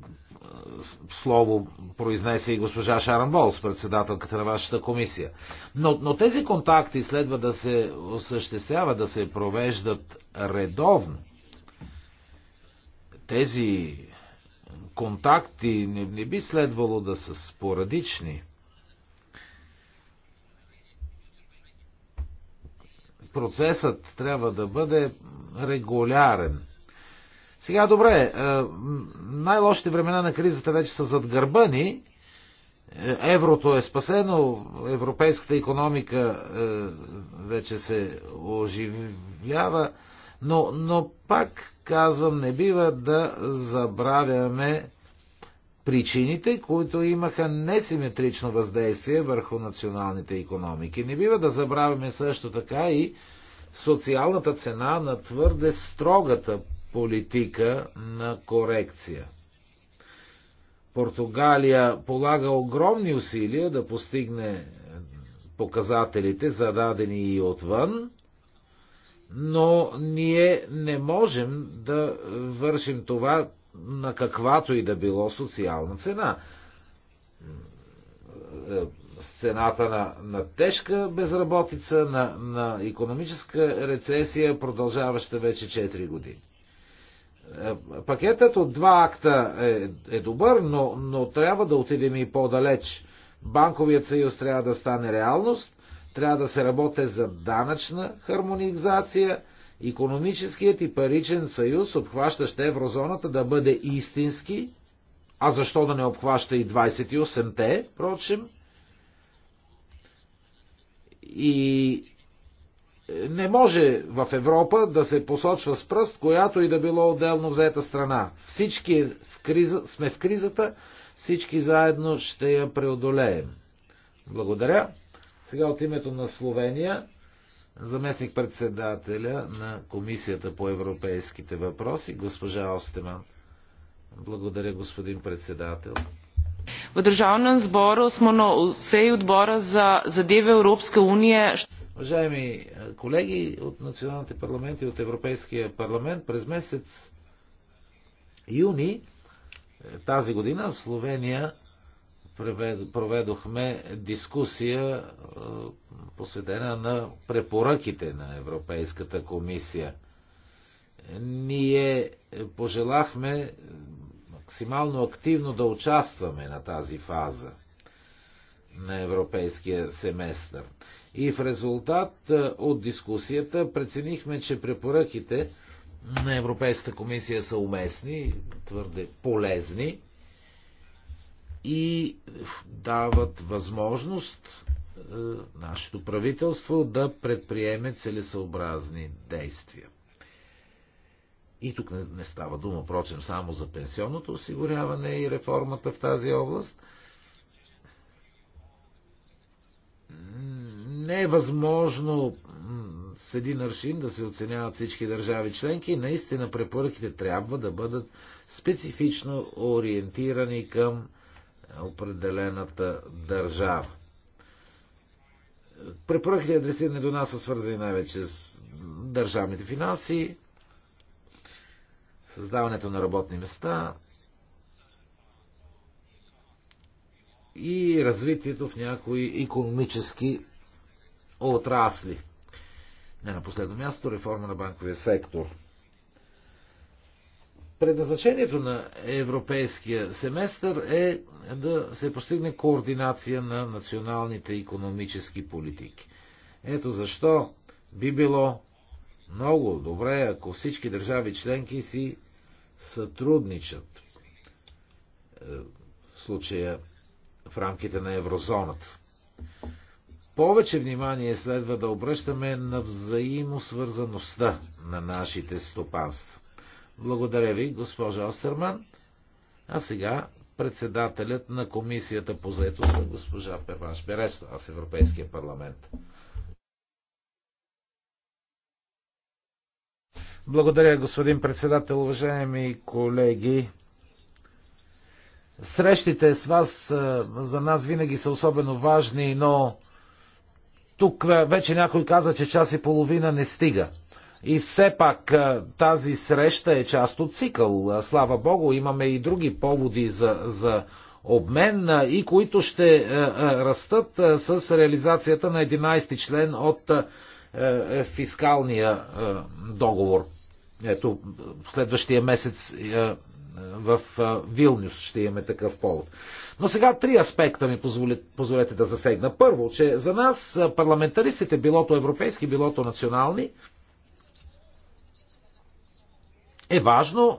слово произнесе и госпожа Шаран Болс, председателката на вашата комисия. Но, но тези контакти следва да се осъществяват, да се провеждат редовно. Тези контакти не, не би следвало да са спорадични. Процесът трябва да бъде регулярен – сега добре, е, най-лошите времена на кризата вече са зад гърба ни. Е, еврото е спасено, европейската економика е, вече се оживява, но, но пак казвам, не бива да забравяме причините, които имаха несиметрично въздействие върху националните економики. Не бива да забравяме също така и социалната цена на твърде строгата политика на корекция. Португалия полага огромни усилия да постигне показателите, зададени и отвън, но ние не можем да вършим това на каквато и да било социална цена. Сцената цената на, на тежка безработица, на, на економическа рецесия, продължаваща вече 4 години. Е, пакетът от два акта е, е добър, но, но трябва да отидем и по-далеч. Банковият съюз трябва да стане реалност, трябва да се работи за данъчна хармонизация, економическият и паричен съюз, обхващащ еврозоната, да бъде истински, а защо да не обхваща и 28-те, впрочем, и не може в Европа да се посочва с пръст, която и да било отделно взета страна. Всички в криза, сме в кризата, всички заедно ще я преодолеем. Благодаря. Сега от името на Словения, заместник председателя на Комисията по европейските въпроси, госпожа Остеман. Благодаря, господин председател. В državnem zboru smo na отбора за, за zadeve Европска уния. Уважаеми колеги от националните парламенти и от Европейския парламент, през месец юни е, тази година в Словения проведохме дискусия посветена на препоръките на Европейската комисия. Ние пожелахме максимално активно да участваме на тази фаза на европейския семестър. И в резултат е, от дискусията преценихме, че препоръките на Европейската комисия са уместни, твърде полезни и дават възможност е, нашето правителство да предприеме целесъобразни действия. И тук не, не става дума, прочим, само за пенсионното осигуряване и реформата в тази област не е възможно с един аршин да се оценяват всички държави членки. Наистина препоръките трябва да бъдат специфично ориентирани към определената държава. Препоръките адресирани до нас са свързани най-вече с държавните финанси, създаването на работни места и развитието в някои економически отрасли. Не на последно място, реформа на банковия сектор. Предназначението на европейския семестър е да се постигне координация на националните економически политики. Ето защо би било много добре, ако всички държави членки си сътрудничат е, в случая в рамките на еврозоната повече внимание следва да обръщаме на взаимосвързаността на нашите стопанства. Благодаря ви, госпожа Остерман. А сега председателят на Комисията по заетост на госпожа Перванш Бересто в Европейския парламент. Благодаря, господин председател, уважаеми колеги. Срещите с вас за нас винаги са особено важни, но тук вече някой каза, че час и половина не стига. И все пак тази среща е част от цикъл. Слава Богу, имаме и други поводи за, за обмен и които ще растат с реализацията на 11-ти член от е, е, фискалния договор. Ето, следващия месец в Вилнюс ще имаме такъв повод. Но сега три аспекта ми позволете, позволете да засегна. Първо, че за нас парламентаристите, билото европейски, билото национални, е важно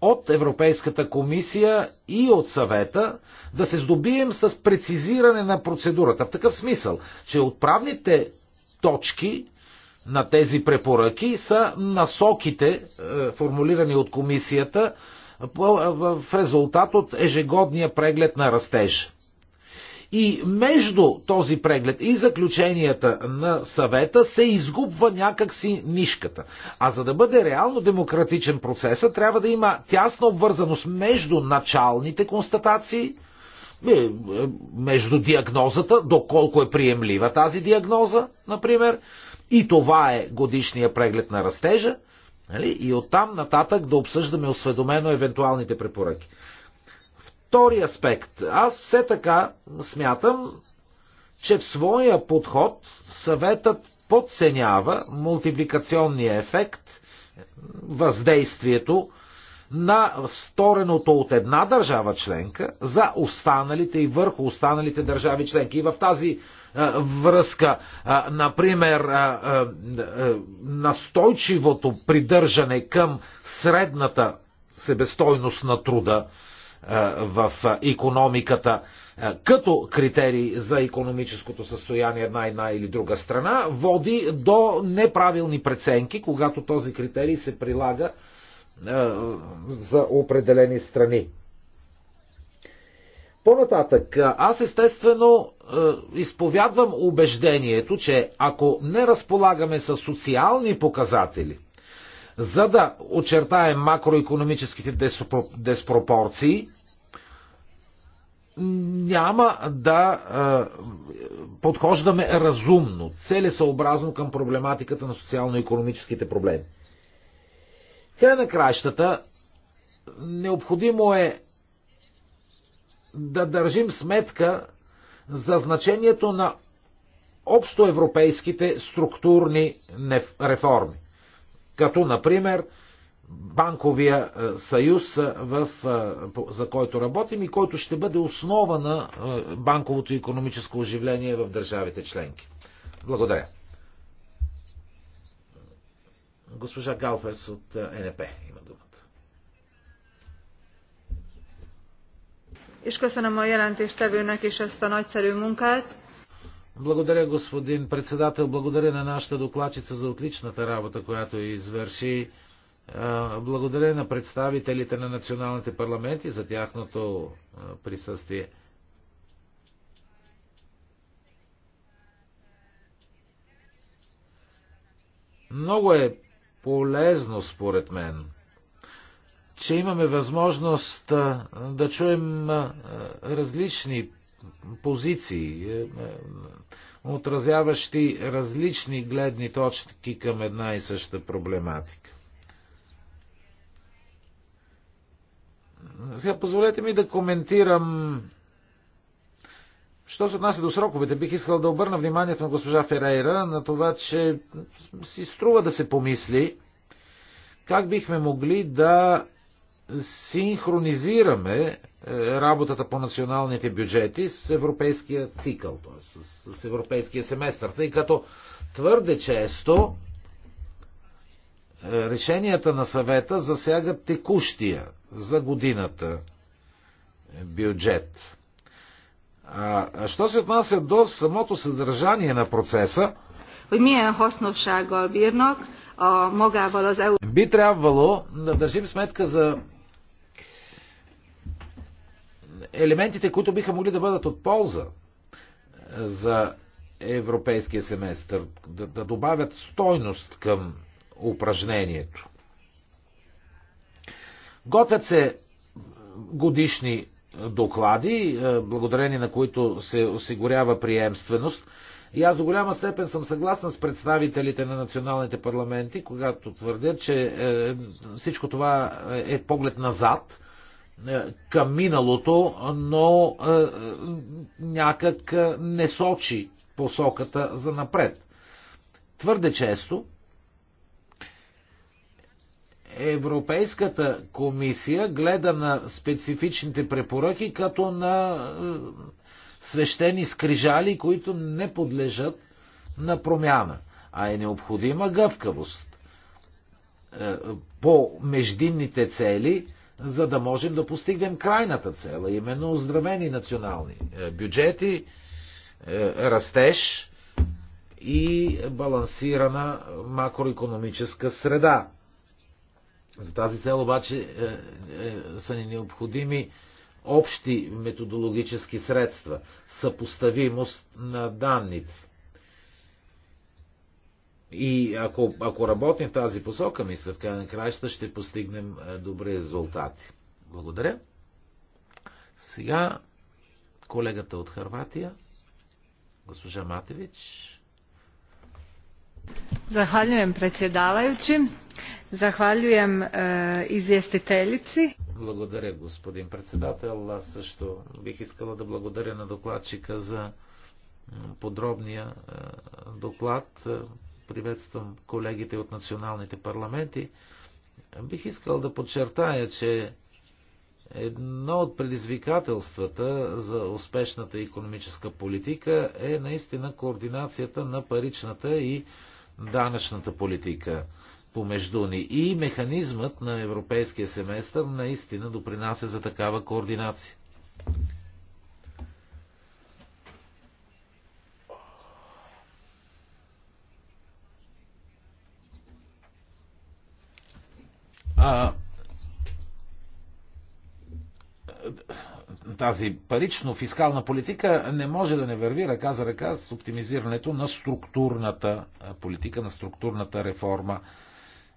от Европейската комисия и от съвета да се здобием с прецизиране на процедурата. В такъв смисъл, че отправните точки на тези препоръки са насоките, е, формулирани от комисията в резултат от ежегодния преглед на растеж. И между този преглед и заключенията на съвета се изгубва някакси нишката. А за да бъде реално демократичен процесът, трябва да има тясна обвързаност между началните констатации, е, между диагнозата, доколко е приемлива тази диагноза, например, и това е годишния преглед на растежа, Нали? И оттам нататък да обсъждаме осведомено евентуалните препоръки. Втори аспект. Аз все така смятам, че в своя подход съветът подценява мултипликационния ефект, въздействието на стореното от една държава членка за останалите и върху останалите държави членки. И в тази е, връзка. Е, например, е, настойчивото придържане към средната себестойност на труда в економиката като критерий за економическото състояние една една или друга страна води до неправилни преценки, когато този критерий се прилага за определени страни. По-нататък, аз естествено е, изповядвам убеждението, че ако не разполагаме с социални показатели, за да очертаем макроекономическите диспропорции, няма да е, подхождаме разумно, целесъобразно към проблематиката на социално-економическите проблеми. Край на краищата, необходимо е да държим сметка за значението на общоевропейските структурни реформи, като например банковия е, съюз, е, в, е, за който работим и който ще бъде основа на банковото и економическо оживление в държавите членки. Благодаря. Госпожа Галфес от НП има дума. és köszönöm a jelentéstevőnek is ezt a nagyszerű munkát. Благодаря, господин председател. Благодаря на нашата докладчица за отличната работа, която извърши. Е, благодаря на представителите на националните парламенти за тяхното е, присъствие. Много е полезно, според мен, че имаме възможност да чуем различни позиции, е, е, отразяващи различни гледни точки към една и съща проблематика. Сега позволете ми да коментирам. Що се отнася до сроковете, бих искал да обърна вниманието на госпожа Ферейра на това, че си струва да се помисли как бихме могли да синхронизираме е, работата по националните бюджети с европейския цикъл, т.е. с европейския семестър, тъй като твърде често е, решенията на съвета засягат текущия за годината е, бюджет. А, а що се отнася до самото съдържание на процеса, би трябвало да държим сметка за елементите, които биха могли да бъдат от полза е, за европейския семестър, да, да добавят стойност към упражнението. Готвят се годишни доклади, е, благодарение на които се осигурява приемственост. И аз до голяма степен съм съгласна с представителите на националните парламенти, когато твърдят, че е, всичко това е поглед назад е, към миналото, но е, е, някак не сочи посоката за напред. Твърде често Европейската комисия гледа на специфичните препоръки като на свещени скрижали, които не подлежат на промяна, а е необходима гъвкавост по междинните цели за да можем да постигнем крайната цела, именно оздравени национални е, бюджети, е, растеж и балансирана макроекономическа среда. За тази цел обаче е, са ни необходими общи методологически средства, съпоставимост на данните. И ако, ако работим в тази посока, мисля, в край на краища ще постигнем добри резултати. Благодаря. Сега колегата от Харватия, госпожа Матевич. Zahvaljujem predsjedavajući. Zahvaljujem e, izvjestiteljici. Благодаря, господин председател. Аз също бих искала да благодаря на докладчика за подробния е, доклад приветствам колегите от националните парламенти. Бих искал да подчертая, че едно от предизвикателствата за успешната економическа политика е наистина координацията на паричната и данъчната политика помежду ни. И механизмът на европейския семестър наистина допринася за такава координация. А, тази парично-фискална политика не може да не върви ръка за ръка с оптимизирането на структурната политика, на структурната реформа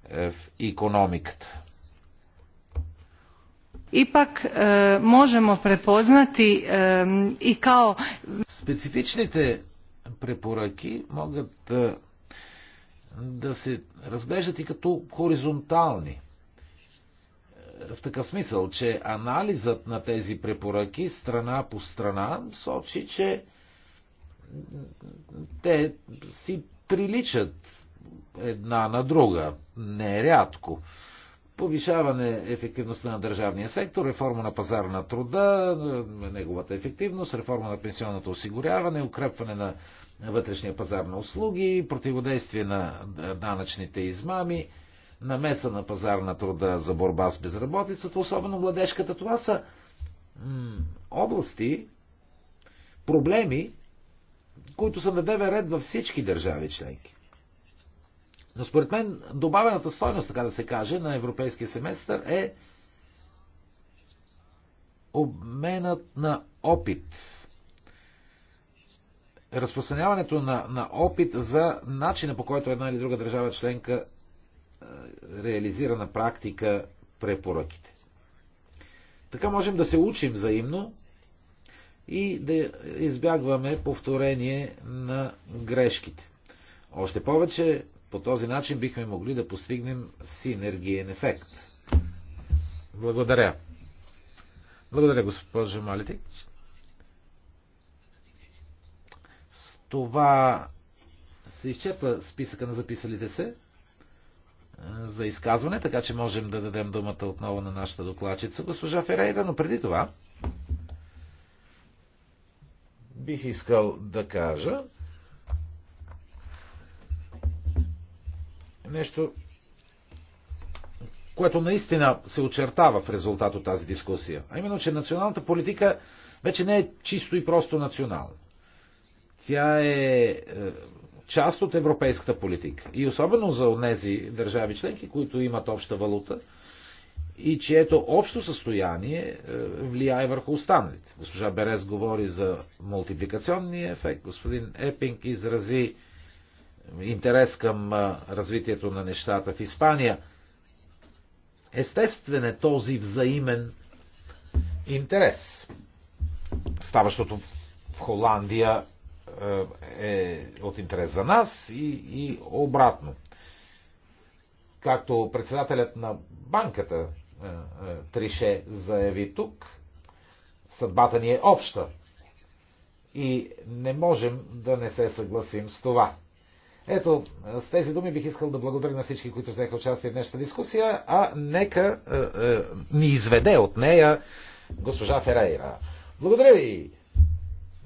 е, в економиката. Ipak e, možemo prepoznati e, i kao... Специфичните препоръки могат да, е, да се разглеждат и като хоризонтални – в такъв смисъл, че анализът на тези препоръки страна по страна сочи, че те си приличат една на друга, нерядко. Повишаване ефективността на държавния сектор, реформа на пазара на труда, неговата ефективност, реформа на пенсионното осигуряване, укрепване на вътрешния пазар на услуги, противодействие на данъчните измами – намеса на пазар на труда за борба с безработицата, особено младежката. Това са области, проблеми, които са на деве ред във всички държави членки. Но според мен добавената стойност, така да се каже, на европейския семестър е обменът на опит. Разпространяването на, на опит за начина по който една или друга държава членка е, реализира на практика препоръките. Така можем да се учим взаимно и да избягваме повторение на грешките. Още повече по този начин бихме могли да постигнем синергиен ефект. Благодаря. Благодаря, госпожа Малитик. С това се изчерпва списъка на записалите се за изказване, така че можем да дадем думата отново на нашата докладчица, госпожа Ферейда, но преди това бих искал да кажа нещо, което наистина се очертава в резултат от тази дискусия. А именно, че националната политика вече не е чисто и просто национална. Тя е, е част от европейската политика. И особено за онези държави членки, които имат обща валута и чието общо състояние е, влияе върху останалите. Госпожа Берес говори за мултипликационния ефект, господин Епинг изрази интерес към е, развитието на нещата в Испания. Естествен е този взаимен интерес. Ставащото в Холандия е, е от интерес за нас и, и обратно. Както председателят на банката е, е, Трише заяви тук, съдбата ни е обща. И не можем да не се съгласим с това. Ето, с тези думи бих искал да благодаря на всички, които взеха участие в днешната дискусия, а нека е, е, ни изведе от нея госпожа Ферейра. Благодаря ви!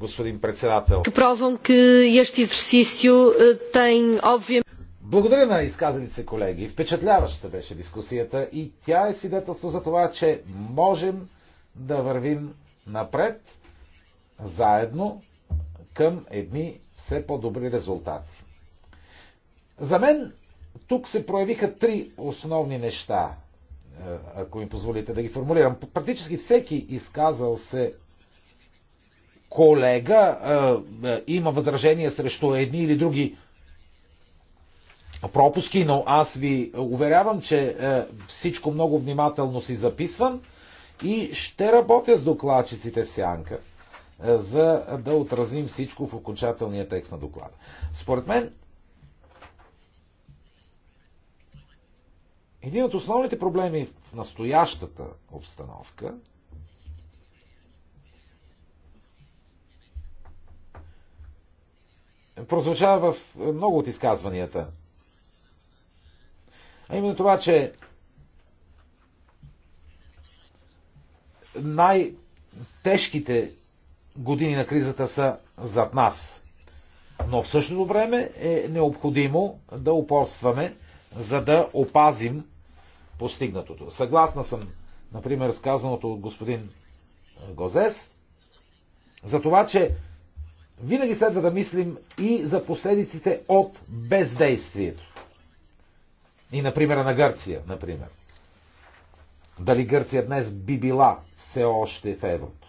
господин председател. Eh, Благодаря на изказаните се колеги. Впечатляваща беше дискусията и тя е свидетелство за това, че можем да вървим напред заедно към едни все по-добри резултати. За мен тук се проявиха три основни неща, е, ако ми позволите да ги формулирам. Практически всеки изказал се колега има възражение срещу едни или други пропуски, но аз ви уверявам, че всичко много внимателно си записвам и ще работя с докладчиците в сянка, за да отразим всичко в окончателния текст на доклада. Според мен, един от основните проблеми в настоящата обстановка – прозвуча в много от изказванията. А именно това, че най-тежките години на кризата са зад нас. Но в същото време е необходимо да упорстваме, за да опазим постигнатото. Съгласна съм, например, с казаното от господин Гозес, за това, че винаги следва да мислим и за последиците от бездействието. И, на примера на Гърция, например. Дали Гърция днес би била все още в еврото?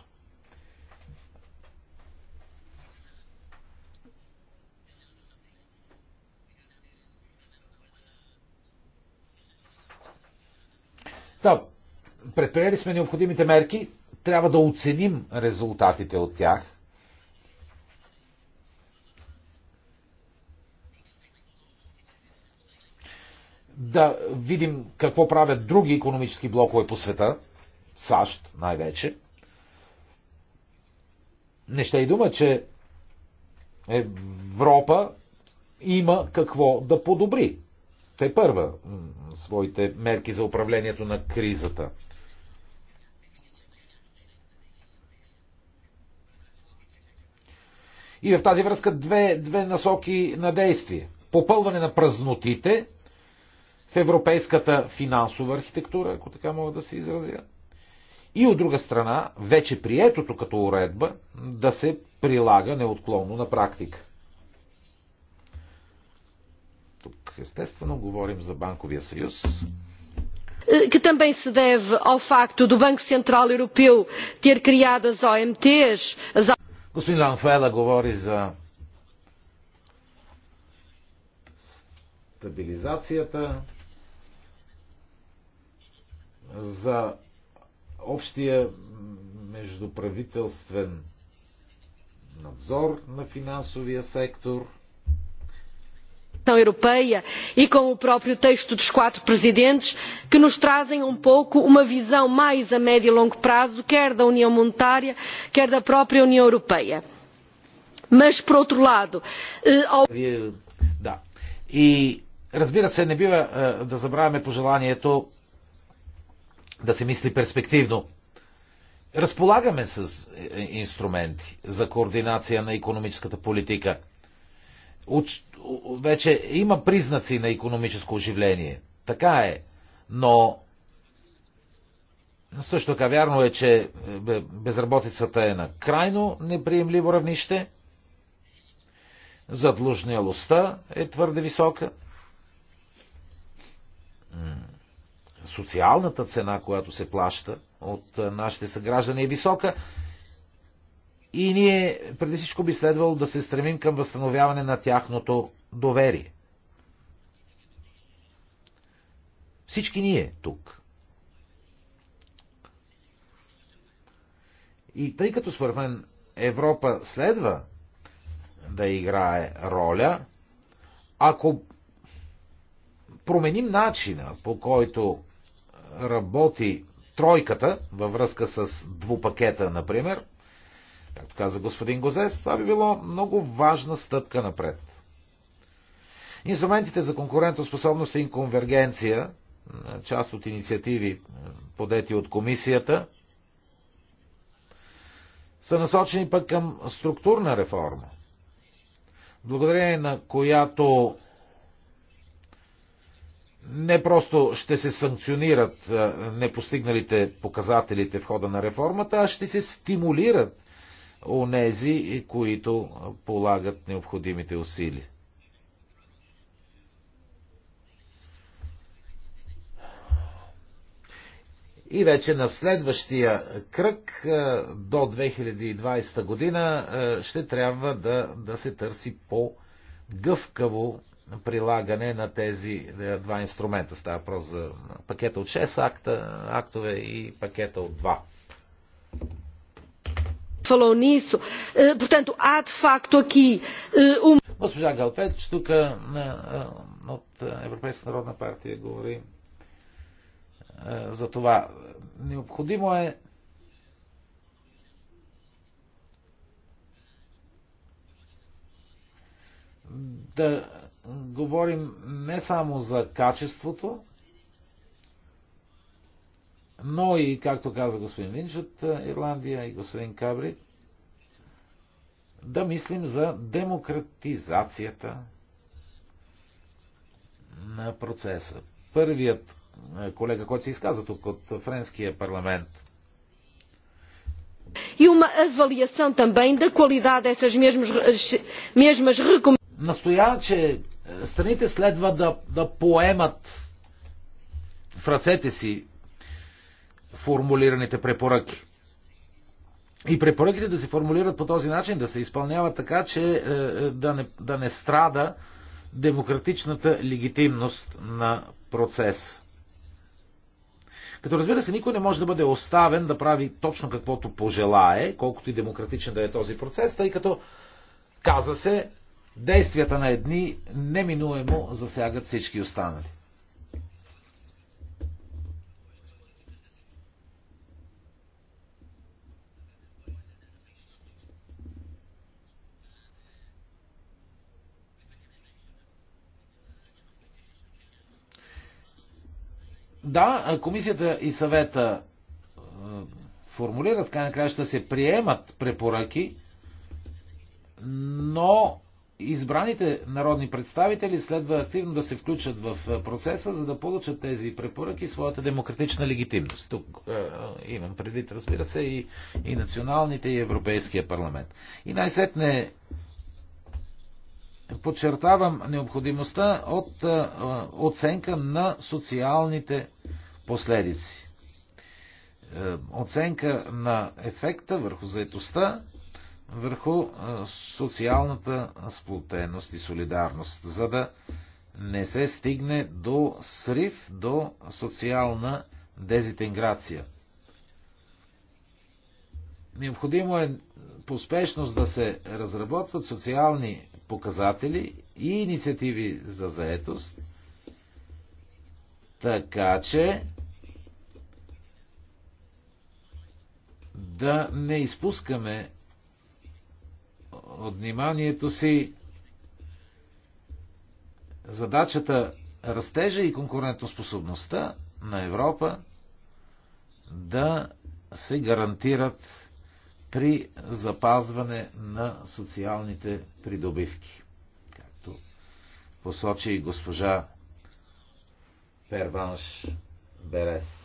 Да, предприели сме необходимите мерки, трябва да оценим резултатите от тях – да видим какво правят други економически блокове по света, САЩ най-вече. Не ще и дума, че Европа има какво да подобри. Те първа своите мерки за управлението на кризата. И в тази връзка две, две насоки на действие. Попълване на празнотите – в европейската финансова архитектура, ако така мога да се изразя. И от друга страна, вече приетото като уредба да се прилага неотклонно на практика. Тук естествено говорим за Банковия съюз. Que também se deve ao facto do Banco Central Europeu ter criado as OMTs. As... Господин Ланфела говори за стабилизацията, за общия междуправителствен надзор на финансовия сектор. Europeia e com o próprio texto dos quatro presidentes, que nos trazem um pouco uma visão mais a médio e longo prazo, quer da União Monetária, quer da própria União Europeia. Mas, por outro lado. Ao... Да. И, разбира се, не бива да забравяме пожеланието да се мисли перспективно. Разполагаме с е, е, инструменти за координация на економическата политика. Уч... Вече има признаци на економическо оживление. Така е. Но също така вярно е, че е, безработицата е на крайно неприемливо равнище. Задлужнялостта е твърде висока социалната цена, която се плаща от нашите съграждани е висока. И ние преди всичко би следвало да се стремим към възстановяване на тяхното доверие. Всички ние тук. И тъй като според мен Европа следва да играе роля, ако променим начина по който работи тройката във връзка с двупакета, например, както каза господин Гозес, това би било много важна стъпка напред. Инструментите за конкурентоспособност и конвергенция, част от инициативи подети от комисията, са насочени пък към структурна реформа, благодарение на която не просто ще се санкционират непостигналите показателите в хода на реформата, а ще се стимулират нези, които полагат необходимите усилия. И вече на следващия кръг до 2020 година ще трябва да, да се търси по-гъвкаво прилагане на тези е, два инструмента. Става въпрос за пакета от 6 акта, актове и пакета от 2. Falou nisso. Е, portanto, há de facto aqui е, um... Госпожа Галпетич, тук от Европейска народна партия говори за това. Необходимо е да говорим не само за качеството, но и, както каза господин Винч от е, Ирландия и господин Кабри, да мислим за демократизацията на процеса. Първият е, колега, който се изказа тук от Френския парламент, и e uma авалиация também da qualidade dessas mesmas, Настоя, че е, страните следва да, да поемат в ръцете си формулираните препоръки. И препоръките да се формулират по този начин, да се изпълняват така, че е, е, да не, да не страда демократичната легитимност на процес. Като разбира се, никой не може да бъде оставен да прави точно каквото пожелае, колкото и демократичен да е този процес, тъй като каза се, Действията на едни неминуемо засягат всички останали. Да, комисията и съвета е, формулират, така накрая ще се приемат препоръки, но избраните народни представители следва активно да се включат в е, процеса, за да получат тези препоръки своята демократична легитимност. Тук е, е, имам предвид, разбира се, и, и националните, и Европейския парламент. И най-сетне подчертавам необходимостта от е, е оценка на социалните последици. Е, оценка на ефекта върху заетостта, върху социалната сплотеност и солидарност, за да не се стигне до срив, до социална дезинтеграция. Необходимо е поспешност да се разработват социални показатели и инициативи за заетост, така че да не изпускаме от вниманието си задачата растежа и конкурентоспособността на Европа да се гарантират при запазване на социалните придобивки. Както посочи и госпожа Перванш Берес.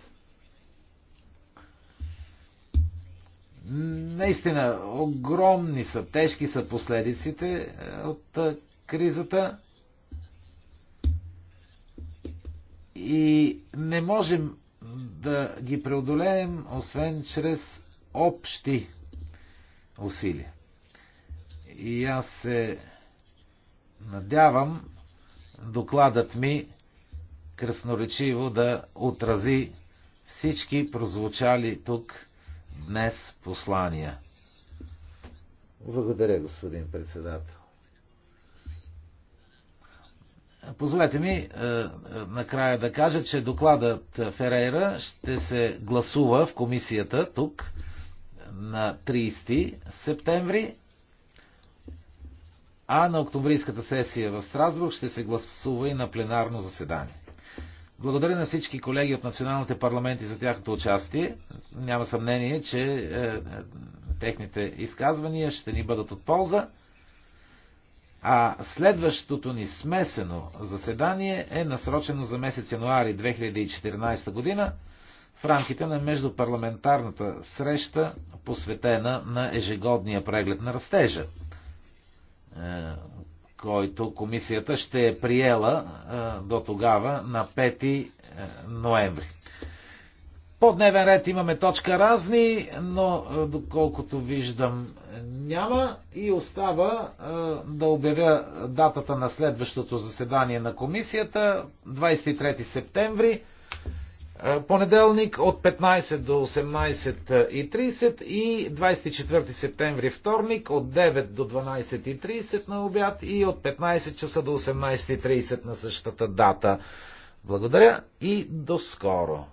Наистина, огромни са, тежки са последиците е, от е, кризата. И не можем да ги преодолеем, освен чрез общи усилия. И аз се надявам докладът ми красноречиво да отрази всички прозвучали тук днес послания. Благодаря, господин председател. Позволете ми е, е, накрая да кажа, че докладът Ферейра ще се гласува в комисията тук на 30 септември, а на октомврийската сесия в Страсбург ще се гласува и на пленарно заседание. Благодаря на всички колеги от националните парламенти за тяхното участие. Няма съмнение, че е, е, техните изказвания ще ни бъдат от полза. А следващото ни смесено заседание е насрочено за месец януари 2014 година в рамките на междупарламентарната среща, посветена на ежегодния преглед на растежа е, който комисията ще е приела до тогава на 5 е, ноември. По дневен ред имаме точка разни, но е, доколкото виждам няма и остава е, да обявя датата на следващото заседание на комисията 23 септември е, понеделник от 15 до 18.30 и 24 септември вторник от 9 до 12.30 на обяд и от 15 часа до 18.30 на същата дата. Благодаря и до скоро!